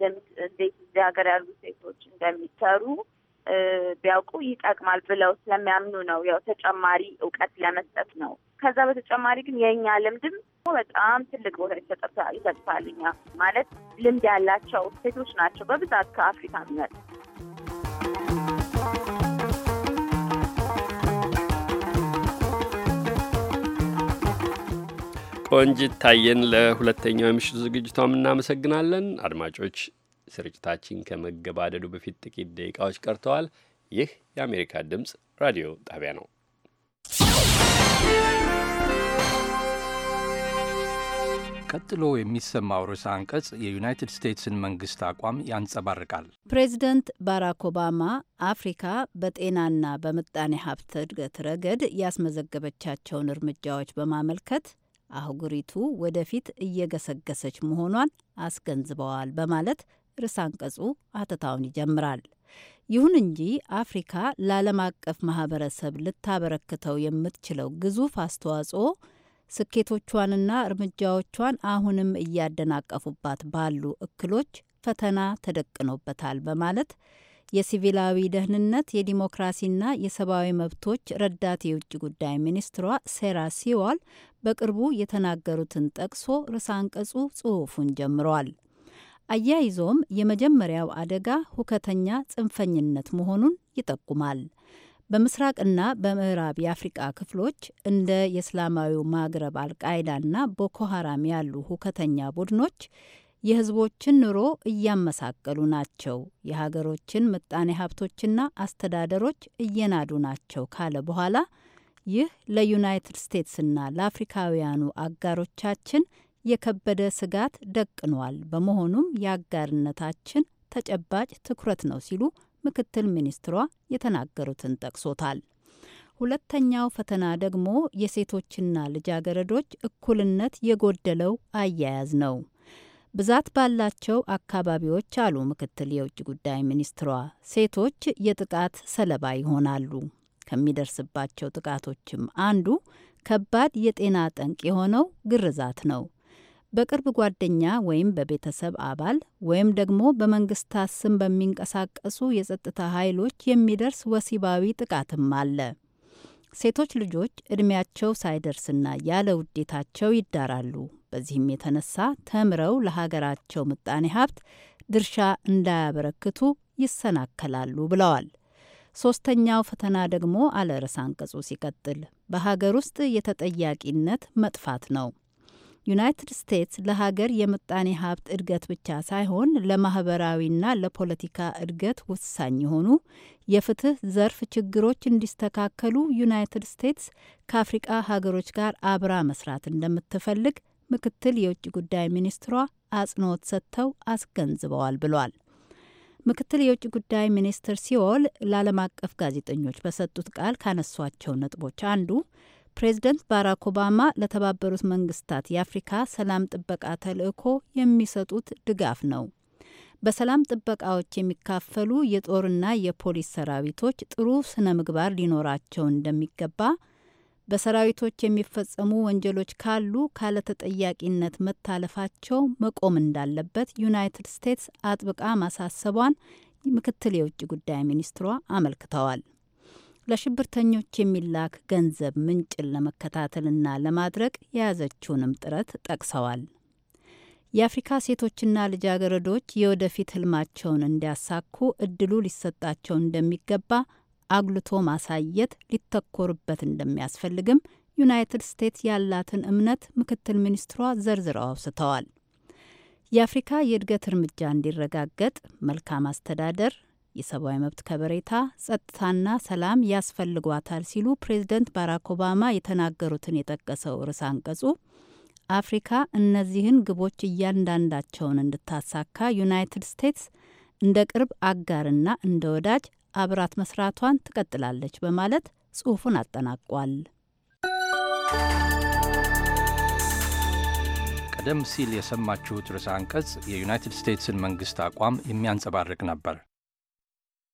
S15: ልምድ እንዴት እዚህ ሀገር ያሉ ሴቶች እንደሚሰሩ ቢያውቁ ይጠቅማል ብለው ስለሚያምኑ ነው። ያው ተጨማሪ እውቀት ለመስጠት ነው። ከዛ በተጨማሪ ግን የእኛ ልምድም በጣም ትልቅ ቦታ ይሰጥታል። እኛ ማለት ልምድ ያላቸው ሴቶች ናቸው በብዛት ከአፍሪካ የሚመጡ
S3: ቆንጅት ታየን ለሁለተኛው የምሽቱ ዝግጅቷም እናመሰግናለን። አድማጮች ስርጭታችን ከመገባደዱ በፊት ጥቂት ደቂቃዎች ቀርተዋል። ይህ የአሜሪካ ድምፅ ራዲዮ ጣቢያ ነው። ቀጥሎ የሚሰማው ርዕሰ አንቀጽ የዩናይትድ ስቴትስን መንግስት አቋም ያንጸባርቃል።
S14: ፕሬዚደንት ባራክ ኦባማ አፍሪካ በጤናና በምጣኔ ሀብት እድገት ረገድ ያስመዘገበቻቸውን እርምጃዎች በማመልከት አህጉሪቱ ወደፊት እየገሰገሰች መሆኗን አስገንዝበዋል በማለት ርዕሰ አንቀጹ አተታውን ይጀምራል። ይሁን እንጂ አፍሪካ ለዓለም አቀፍ ማህበረሰብ ልታበረክተው የምትችለው ግዙፍ አስተዋጽኦ ስኬቶቿንና እርምጃዎቿን አሁንም እያደናቀፉባት ባሉ እክሎች ፈተና ተደቅኖበታል በማለት የሲቪላዊ ደህንነት የዲሞክራሲና የሰብአዊ መብቶች ረዳት የውጭ ጉዳይ ሚኒስትሯ ሴራ ሲዋል በቅርቡ የተናገሩትን ጠቅሶ ርዕሰ አንቀጹ ጽሑፉን ጀምሯል። አያይዞም የመጀመሪያው አደጋ ሁከተኛ ጽንፈኝነት መሆኑን ይጠቁማል። በምስራቅና በምዕራብ የአፍሪቃ ክፍሎች እንደ የእስላማዊው ማግረብ አልቃይዳና ቦኮ ሀራም ያሉ ሁከተኛ ቡድኖች የህዝቦችን ኑሮ እያመሳቀሉ ናቸው፣ የሀገሮችን ምጣኔ ሀብቶችና አስተዳደሮች እየናዱ ናቸው ካለ በኋላ ይህ ለዩናይትድ ስቴትስና ለአፍሪካውያኑ አጋሮቻችን የከበደ ስጋት ደቅኗል። በመሆኑም የአጋርነታችን ተጨባጭ ትኩረት ነው ሲሉ ምክትል ሚኒስትሯ የተናገሩትን ጠቅሶታል። ሁለተኛው ፈተና ደግሞ የሴቶችና ልጃገረዶች እኩልነት የጎደለው አያያዝ ነው። ብዛት ባላቸው አካባቢዎች አሉ ምክትል የውጭ ጉዳይ ሚኒስትሯ፣ ሴቶች የጥቃት ሰለባ ይሆናሉ። ከሚደርስባቸው ጥቃቶችም አንዱ ከባድ የጤና ጠንቅ የሆነው ግርዛት ነው። በቅርብ ጓደኛ ወይም በቤተሰብ አባል ወይም ደግሞ በመንግስታት ስም በሚንቀሳቀሱ የጸጥታ ኃይሎች የሚደርስ ወሲባዊ ጥቃትም አለ። ሴቶች ልጆች እድሜያቸው ሳይደርስና ያለ ውዴታቸው ይዳራሉ። በዚህም የተነሳ ተምረው ለሀገራቸው ምጣኔ ሀብት ድርሻ እንዳያበረክቱ ይሰናከላሉ ብለዋል። ሶስተኛው ፈተና ደግሞ አለ ርዕሰ አንቀጹ ሲቀጥል በሀገር ውስጥ የተጠያቂነት መጥፋት ነው። ዩናይትድ ስቴትስ ለሀገር የምጣኔ ሀብት እድገት ብቻ ሳይሆን ለማህበራዊና ለፖለቲካ እድገት ወሳኝ የሆኑ የፍትህ ዘርፍ ችግሮች እንዲስተካከሉ ዩናይትድ ስቴትስ ከአፍሪቃ ሀገሮች ጋር አብራ መስራት እንደምትፈልግ ምክትል የውጭ ጉዳይ ሚኒስትሯ አጽንኦት ሰጥተው አስገንዝበዋል ብሏል። ምክትል የውጭ ጉዳይ ሚኒስትር ሲወል ለዓለም አቀፍ ጋዜጠኞች በሰጡት ቃል ካነሷቸው ነጥቦች አንዱ ፕሬዝደንት ባራክ ኦባማ ለተባበሩት መንግስታት የአፍሪካ ሰላም ጥበቃ ተልዕኮ የሚሰጡት ድጋፍ ነው። በሰላም ጥበቃዎች የሚካፈሉ የጦርና የፖሊስ ሰራዊቶች ጥሩ ስነ ምግባር ሊኖራቸው እንደሚገባ፣ በሰራዊቶች የሚፈጸሙ ወንጀሎች ካሉ ካለተጠያቂነት መታለፋቸው መቆም እንዳለበት ዩናይትድ ስቴትስ አጥብቃ ማሳሰቧን ምክትል የውጭ ጉዳይ ሚኒስትሯ አመልክተዋል። ለሽብርተኞች የሚላክ ገንዘብ ምንጭን ለመከታተልና ለማድረግ የያዘችውንም ጥረት ጠቅሰዋል። የአፍሪካ ሴቶችና ልጃገረዶች የወደፊት ህልማቸውን እንዲያሳኩ እድሉ ሊሰጣቸው እንደሚገባ አጉልቶ ማሳየት ሊተኮርበት እንደሚያስፈልግም ዩናይትድ ስቴትስ ያላትን እምነት ምክትል ሚኒስትሯ ዘርዝረው አውስተዋል። የአፍሪካ የእድገት እርምጃ እንዲረጋገጥ መልካም አስተዳደር፣ የሰብአዊ መብት ከበሬታ፣ ጸጥታና ሰላም ያስፈልጓታል ሲሉ ፕሬዝደንት ባራክ ኦባማ የተናገሩትን የጠቀሰው ርዕስ አንቀጹ አፍሪካ እነዚህን ግቦች እያንዳንዳቸውን እንድታሳካ ዩናይትድ ስቴትስ እንደ ቅርብ አጋርና እንደ ወዳጅ አብራት መስራቷን ትቀጥላለች በማለት ጽሑፉን አጠናቋል።
S3: ቀደም ሲል የሰማችሁት
S10: ርዕሰ አንቀጽ የዩናይትድ ስቴትስን መንግስት አቋም የሚያንጸባርቅ ነበር።